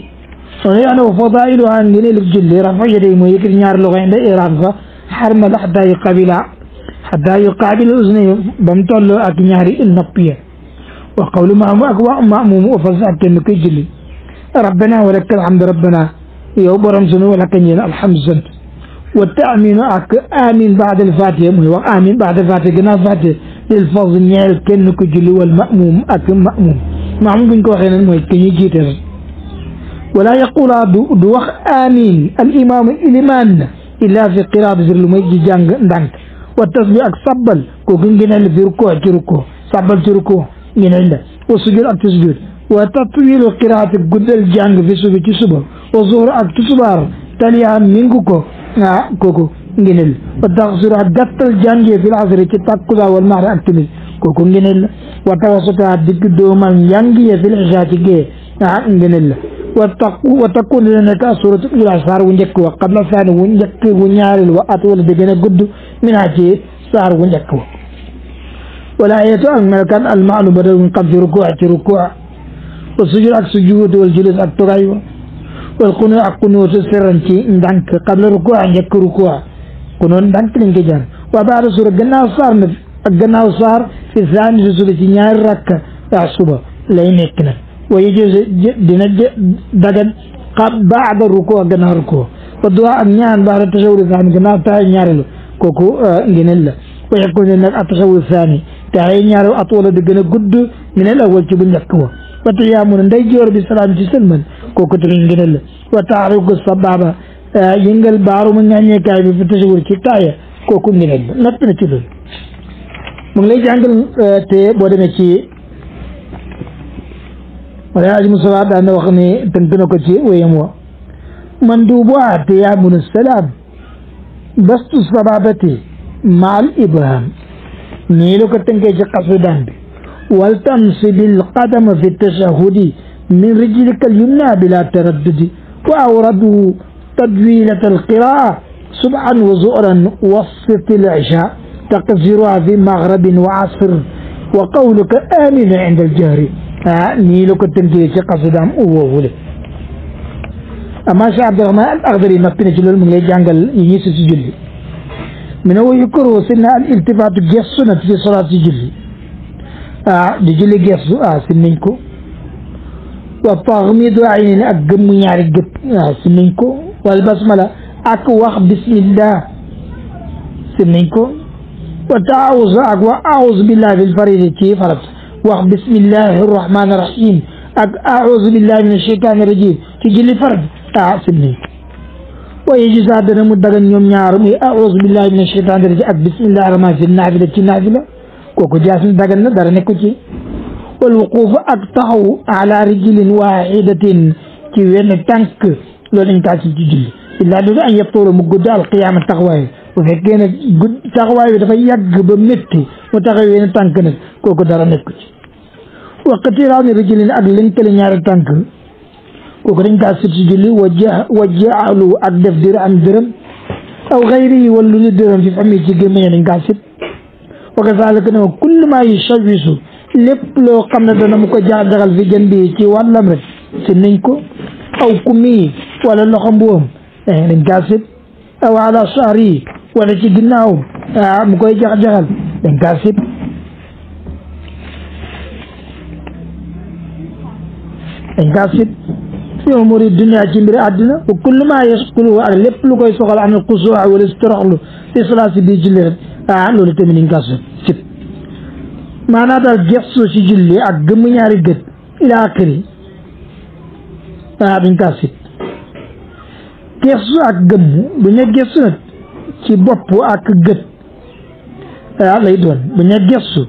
وهي أنه فضائل عن جلي الجلي رفع يدي موي كرنيار لغين دا إيران فحرم لحدا يقابل حدا يقابل أذني بمتولو أكنياري النقبية وقول ما مو مأموم وفزع كنكجلي ربنا ولك الحمد ربنا يا يوبرم سنو ولك الحمد سنت والتأمين أك آمين بعد الفاتحة آمين بعد الفاتحة جنا فاتحة للفظ نعل كنك جلي والمأموم أك مأموم ما معموم بنك وخينا الموي كني جيتر ولا يقول دو دوخ آمين الإمام الإيمان إلا في قراءة الموي جانج دانك والتسبيح أك سبل كوكين جنا لفي ركوع تركو سبل تركو ينعند وسجود أكت سجود وتطويل القراءة قد الجانج في سبي تسبه وظهر أكت سبار تليها منكوكو كوكو نجنل وتغسر أدفت الجانج في العصر تتاكدا والمعنى أكتمي كوكو نجنل وتوسط أدك دوما ينجي في العشاء تجي نجنل وتكون لنا سورة تقول صار ونجك وقبل فان ونجك ونيار وأطول ولدقنا قد من عجيب صار ونجك وقت ولا يتو أن كان المال بدل من قبض ركوع تركوع والسجود أك سجود والجلس أك تغيو والقنوع أك قنوت سرا دانك قبل ركوع يك ركوع قنون دانك لنجان وبعد سورة جنا صار جنا صار في الثاني سورة نيار رك يحسبه لا يمكنه ويجوز دنج دغن قد بعد ركوع جنا ركوع ودعاء نيان بعد تشور الثاني جنا تاي نيار كوكو جنلا ويكون لك التشهد الثاني تعينيار أطول دقنا قد من الأول جبن لكوا وطيامون ديجور بسلام جسلمن كو كترين جنل وطاروك الصبابة آه، ينجل بارو من نانيه يعني كاي بفتشغور كتايا كو كن جنل نطن تلو مغلي جانجل آه، تي بودمكي ولاج مصلاة دان وقني تنقنو كتي ويمو من دوبوا تيامون السلام بس تصبابتي مع الإبراهيم نيلوكتن كيش قصدان بي بالقدم في التشهد من رجلك اليمنى بلا تردد وأوردوا تدويلة القراءة سبعا وزؤرا وسط العشاء تقصرها في مغرب وعصر وقولك آمن عند الجهر آه نيلوك تنكيش قصدام أما شعب الرحمن أقدر يمكن جلو المنجل جانجل ينيس سجلي من هو يكره سنة الالتفات جسنا في صلاة جلي آه جلي جسو آه سنينكو والتغميض عين الأقم يعرق آه سنينكو والبسملة أكوخ بسم الله سنينكو وتعوز أكو أعوذ بالله في الفريد كيف عرفت وخ بسم الله الرحمن الرحيم أعوذ بالله من الشيطان الرجيم تجلي فرد آه سنينكو ويجوز هذا المدغن يوم نيارم إيه، أعوذ بالله من الشيطان الرجيم بسم الله الرحمن الرحيم نافلة كي نافلة كوكو جاسم دغن دار نيكو كي والوقوف أك على رجل واحدة كي وين تانك لول انت تجي إلا لولا أن يبطل مقدار القيام التقوى وفكينا fekkee ne gud taxawaay bi dafa yàgg ba métti mu taxawee ne tànk nag kooku dara nekk ci waqti raam ne rëjëlin وقرين كاسك جلي وجه وجعلوا أدف درهم درهم أو غيره ولد درهم في فمي جيجي يعني كاسك وكذلك نو كل ما يشبهه لب لو كم ندنا مكو جار دخل في جنبي كي والله مر سنينكو أو كمي ولا لهم بوم يعني كاسك أو على شعري ولا تجناه مكو جار دخل يعني كاسك إن كاسيت fi umuri dunia ci mbiri àddina wa kullu ma yasqulu ak lépp lu koy soxal an alxusua wala si toroxlu fi salaati bi julli rek ah loolu tamit niñ kasu sib maanaam daal gestu ci julli ak gëmm ñaari gët ila akri ah duñ kaa sib gestu ak gëmm bu ne gestu nag ci bopp ak gët ah lay doon bu ne gestu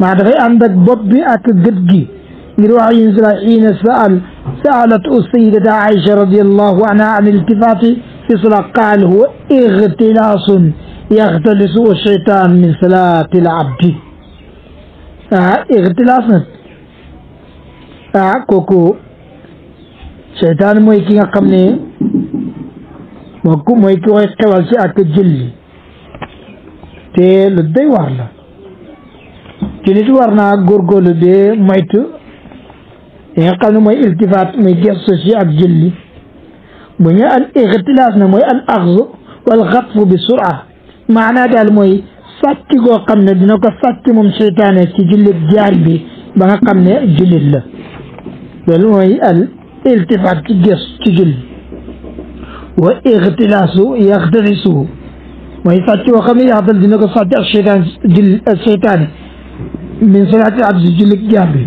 maa dafay ànd ak bopp bi ak gët gi ngir wax yin sala xiina saal سألت السيدة عائشة رضي الله عنها عن التفات في صلاة قال هو اغتلاس يختلس الشيطان من صلاة العبد آه، اغتلاس آه، كوكو شيطان مويكي قمني موكو مويكي ويقوال شيء جلي تي لدي ورلا تي لدي ورنا غورغولو دي ميتو يقالوا ما التفات ما يقصوا شيء أجلي بنا الاغتلاس ما الأخذ والغطف بسرعة معنى ده ما يسكي قو قمنا دينوك سكي من شيطانة كي جلي بجاربي بنا قمنا جلي الله لما الالتفات كي قص كي جلي واغتلاسه يغتلسه ما يسكي قو قمنا دينوك سكي الشيطان جلي الشيطان من صلاة عبد جلي بجاربي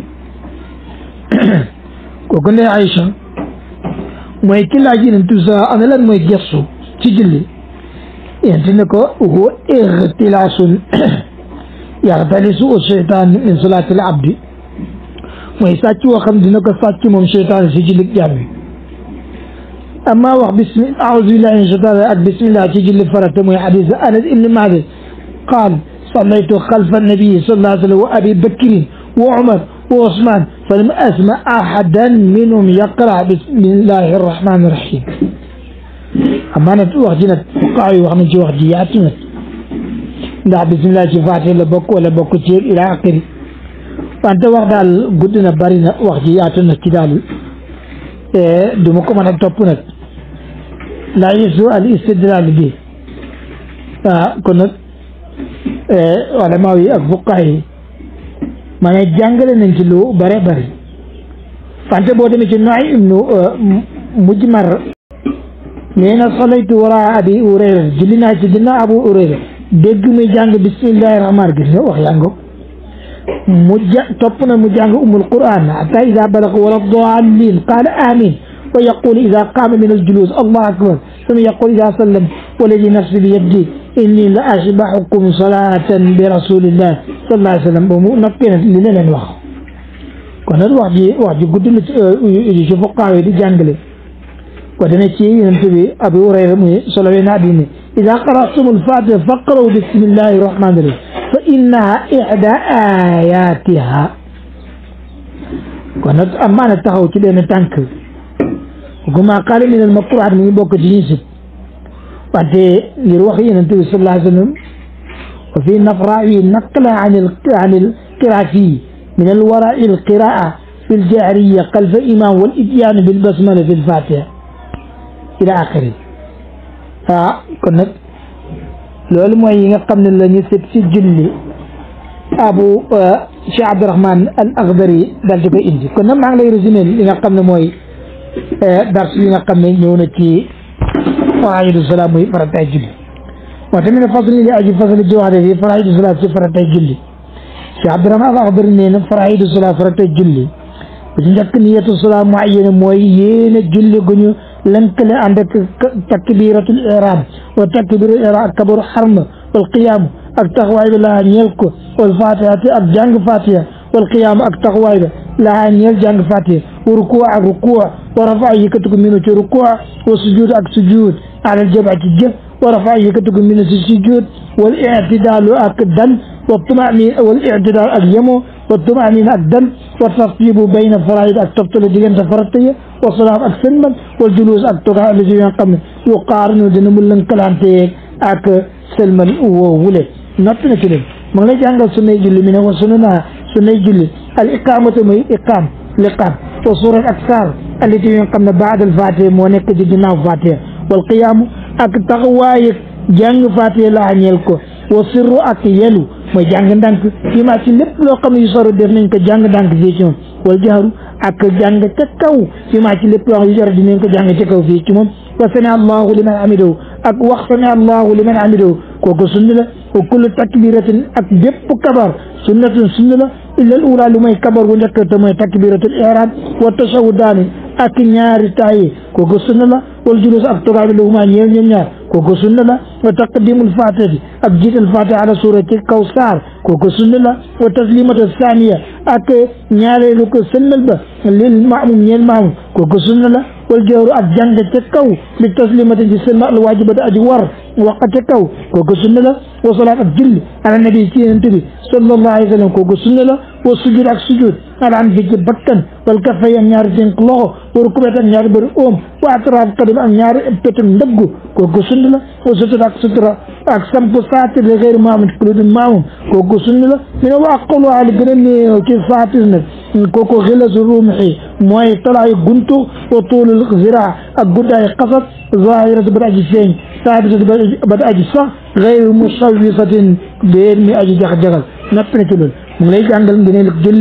وقال لها عائشة موي كلا جين انتوزا انا لن موي جيسو تجلي يعني انك هو اغتلاس يغتلس الشيطان من صلاة العبد موي ساتي وخم دينك ساتي موم شيطان سجلي جامي اما وخ بسم اعوذ بالله من الشيطان الرجيم بسم الله تجلي فرت موي حديث انس ابن مالك قال صليت خلف النبي صلى الله عليه وسلم وابي بكر وعمر وعثمان فلم أسمع أحدا منهم يقرأ بسم الله الرحمن الرحيم أما أنا وحدنا قاعي وعم نجي وحدي يعتمد لا بسم الله شفاعت ولا بكو ولا تير إلى آخره فأنت وقت قدنا بارنا وحدي يعتمد كدال إيه، دمكم أنا تبونا لا يسوء الاستدلال به فكنا إيه، علماوي أكفقائي maanaam jàngale nañ ci lu bare bari wante boo demee ci nooy ibnu euh, mujmar nee na solaytu wara abi urayra julli naa ci ginnaaw abu urayra dégg muy jàng bismillahi rahmaan gis nga wax yaa ngo mu ja topp na mu jàng umul quran hatta ida balaga wala daalin qaala amin wa yaqulu ida qaama min al julus allahu akbar ثم يقول صلى الله والذي نفس بيدي إني لا أشبعكم صلاة برسول الله صلى الله عليه وسلم ومؤنقين لنا نوخ كنا الواحد واحد يقول يشوف قاوة جانجلي ودنا شيء ينتبه أبي هريرة صلى الله عليه وسلم إذا قرأتم الفاتحة فقروا بسم الله الرحمن الرحيم فإنها إحدى آياتها كانت أمانة تهوتي لنا تنكر وكما قال من المقطوع من بوك جنس بعد يروح ينتبه صلى الله عليه وسلم وفي نفر نقل عن عن القراسي من الوراء القراءة في الجاهلية قلب إمام والإتيان بالبسملة في الفاتحة إلى آخره فكنا لو علموا قبل الله يسب سجل أبو آه، شعب الرحمن قال ذلك بإنجي كنا معنا يرزمين لنقبنا موي درسينا قمنا نيونكي فعيد الصلاة مهي فرطة جلي وتمنى فضلي لأجي فضل الجوهر في فرعيد الصلاة فرطة جلي في عبد الرحمن أخبرني فرعيد الصلاة فرطة جلي بجن جاك نية الصلاة معين موي يين جلي قنيو لنكلي عندك تكبيرة الإعرام وتكبير الإعرام كبر حرم والقيام أكتغوائي بالله أن يلكو والفاتحة أكجانك فاتحة لان يلجانك فاتي وركوع ركوع ورفع يكتك من ركوع وسجود اك سجود على الجبعة الجب ورفع يكتك من السجود والاعتدال اك دن والطمأنين والاعتدال اك يمو والطمأنين اك دن والتطيب بين الفرائض اك تبطل ديجان تفرطية والصلاة اك سنبن والجلوس اك تقع لجميع قمن وقارن ودنم اللن كلانتين اك سلمن وولي نطنة كده مغلق عنقل سنة جلي منه وسننا سنة جلي الإقامة مي إقام لقام وصور الأذكار التي ينقمن بعد الفاتحة مونيك دي جنا الفاتحة والقيام أك تقوى جنگ فاتحة لا نيلكو وسر أك يلو ما جنگ دانك فيما تلب لب لو قم يصور دفنين كجنگ دانك زيتون والجهر أك جنگ تكو فيما تلب لب لو يصور دفنين كجنگ تكو زيتون وسمع الله لمن عمله أك وخصنع الله لمن عمله كوكو سنة وكل تكبيرة أك جب كبر سنة سنة إلا الأولى لما يكبر ونجك تما تكبيرة الإعراب والتشهدان أكن ياري تاي كوكو سنة لا والجلوس أكتر عبد لهما نيان نيان نيان كوكو سنة لا وتقديم الفاتح أبجيت الفاتح على سورة الكوسار كوكو سنة لا وتسليمة الثانية أكي ياري لكو سنة لا للمعموم يالمعموم كوكو سنة لا wal jawru ak jàng ca kaw bi taslimatin ci sëlma al waajibata aji war waqa ca kaw kooku sunna la wa salaat ak julli ala nabi ci yonent bi sallallahu alayhi wa sallam kooku sunna la wa sujud ak sujud ala an fi ci bakkan wal kaffay ak ñaari dénk loxo wa rukubat ak ñaari bëri oom wa atraaf kadim ak ñaari petum ndëggu kooku sunna la wa sutura ak sutura ak sampu saatir de xëyri maamun kuludin maamum kooku sunna la mi ne wa aqalu ali gën a néew ci saatir nag كوكو غلا زرومحي موي طلعي قنتو وطول الزراع أقوداي قصد ظاهرة برأجسين صاحبة برأجسة غير مشوصة بين مئج جغجغل نبني تلول مليك عن قلم دينيلك جل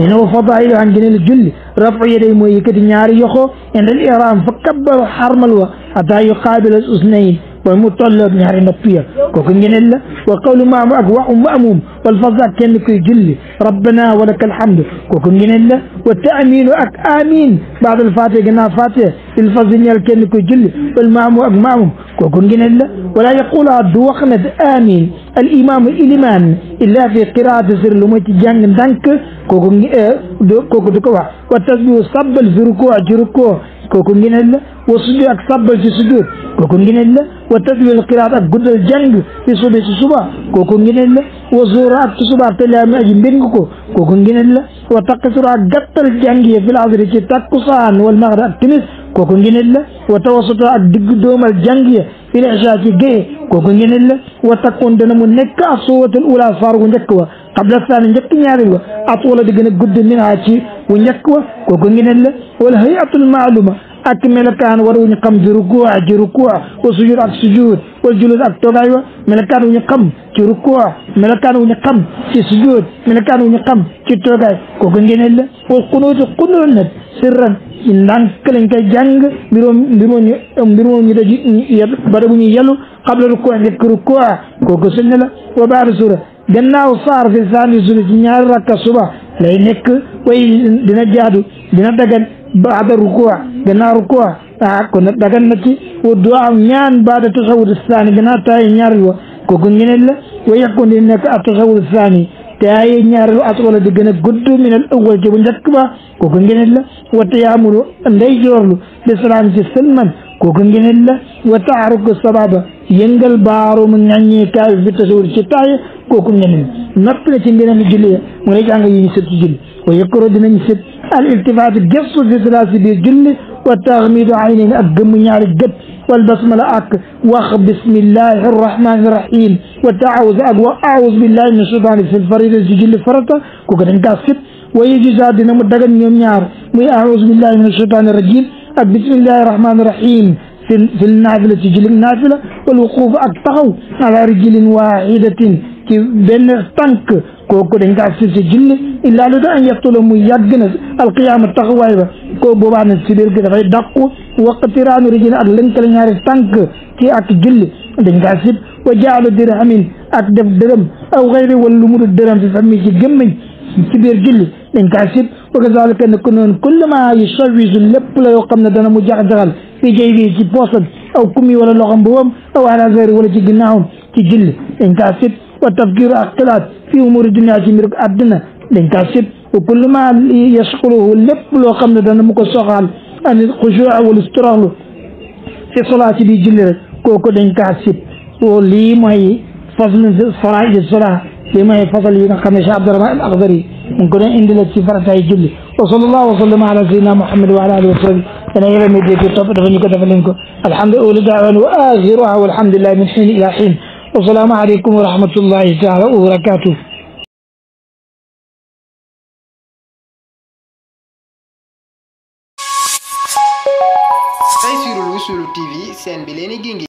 إنه يعني فضائل عن جنيل الجل رفع يدي مويكة نياري يخو إن الإيران فكبر حرم الوا حتى يقابل الأسنين ومطلب نهر نطية كوكين جنلا وقول ما أقوى مأموم والفضاء كان كي ربنا ولك الحمد كوكين جنلا والتأمين أك آمين بعد الفاتح قلنا فاتح الفضل كان كي جلي والمأمو أك مأموم كوكين جنلا ولا يقول عبد وخند آمين الإمام الإيمان إلا في قراءة سر لميت جانن دانك كوكن آه، كوكو دكوا والتسبيح صب الزركوع جركوع kooku ngëneel la wa sujud ak sabbal ci sujud kooku ngëneel la wa tadwil qiraat ak guddal jàng fi subi ci suba kooku ngëneel la wa zuura ak tusuba te laami aji mbéng ko kooku ngëneel la wa taqisura ak gàttal jàng yi fil asri ci takkusaan wal maghrib ak timis kooku ngëneel la wa tawasuta ak digg doomal jàng yi fil isha ci géye kooku ngëneel la wa takkoon dana mu nekk ak suwatal ula faar gu njëkk wa qabla saani njëkk ñaareel wa at wala di gën a gudd min haa ci wu njëkk wa kooku ngeneen la wala hayatul maaluma ak melokaan war wu ñu xam ci rukuu ci rukuu wa sujud ak sujud wal julus ak toogaay wa melokaan wu ñu xam ci rukuu melokaan wu ñu xam ci sujud melokaan wu ñu xam ci toogaay kooku ngeneen la wal xunuut xunuut nag sirran ndànk lañ koy jàng mbiroom mbiroom ñu mbiroom ñu daji yel bada bu ñuy yelu qabla rukuu njëkk rukuu kooku sunna la wa baada sura gannaaw saar fi saani subi ci ñaari rakka suba lay nekk way dina jaadu dina dagan baada rukuwa gannaaw rukuwa ah kon dagan na ci wa du'a ñaan baada tashahud saani gannaaw taay ñaari wa kooku ngeneen la way yakkoon di nekk a tashahud saani taay ñaari wa aswala di gën a gudd min al awwal ci bu njëkk ba kooku ngeneen la wa tayaamulu ndey joorlu bi salaam ci sëlman குகுங்கினில்ல ஒத்த அருக்கு சபாப எங்கள் பாரும் ஞானி விட்ட சூழ் சித்தாய குகுங்கினில் நப்பின சிந்தின ஜில்லிய முறைக்காங்க இனிசத்து ஜில் ويكرد من ست الالتفات الجف في ثلاثي وتغميد والتغميد أقم من على قد والبسملة أك واخ بسم الله الرحمن الرحيم وتعوذ أقوى أعوذ بالله من الشيطان في الفريد الجل فرطة كوكرن كاسب ويجي زادنا مدقن يوم نار أعوذ بالله من الشيطان الرجيم بسم الله الرحمن الرحيم في في النافلة سجل النافلة والوقوف أقطعه على رجل واحدة كي بين الطنك كوكو دينك سجل إلا لدى أن يقتل ميادنا القيام التقوى كو بوان السبيل كده غير وقت وقتران رجل أدلنك لنهار الطنك كي أكجل دينك سب وجعل درهم أكدف درهم أو غير في فمي تسميه جمي كبير جلي من كاسب وكذلك نكون كل ما يشرج اللب لا يقمنا دنا مجعدغل في جيبه في بوصد أو كمي ولا لغم بوم أو على غير ولا جناهم تجلي من كاسب والتفكير اختلاط في أمور الدنيا جميل عبدنا من كاسب وكل ما يشغله اللب لا يقمنا دنا مكسوغال عن الخشوع والاستراحة في صلاة بجلي كوكو دنكاسب ولي ما هي فضل فرائض الصلاة لما يفضل يكون خميس عبد الرحمن الأخضري من قرن إن دلت في فرصة يجلي وصلى الله وسلم على سيدنا محمد وعلى آله وصحبه أنا إلى مدية في الطب رفني كتب الحمد أولي دعوان وآخرها والحمد لله من حين إلى حين والسلام عليكم ورحمة الله تعالى وبركاته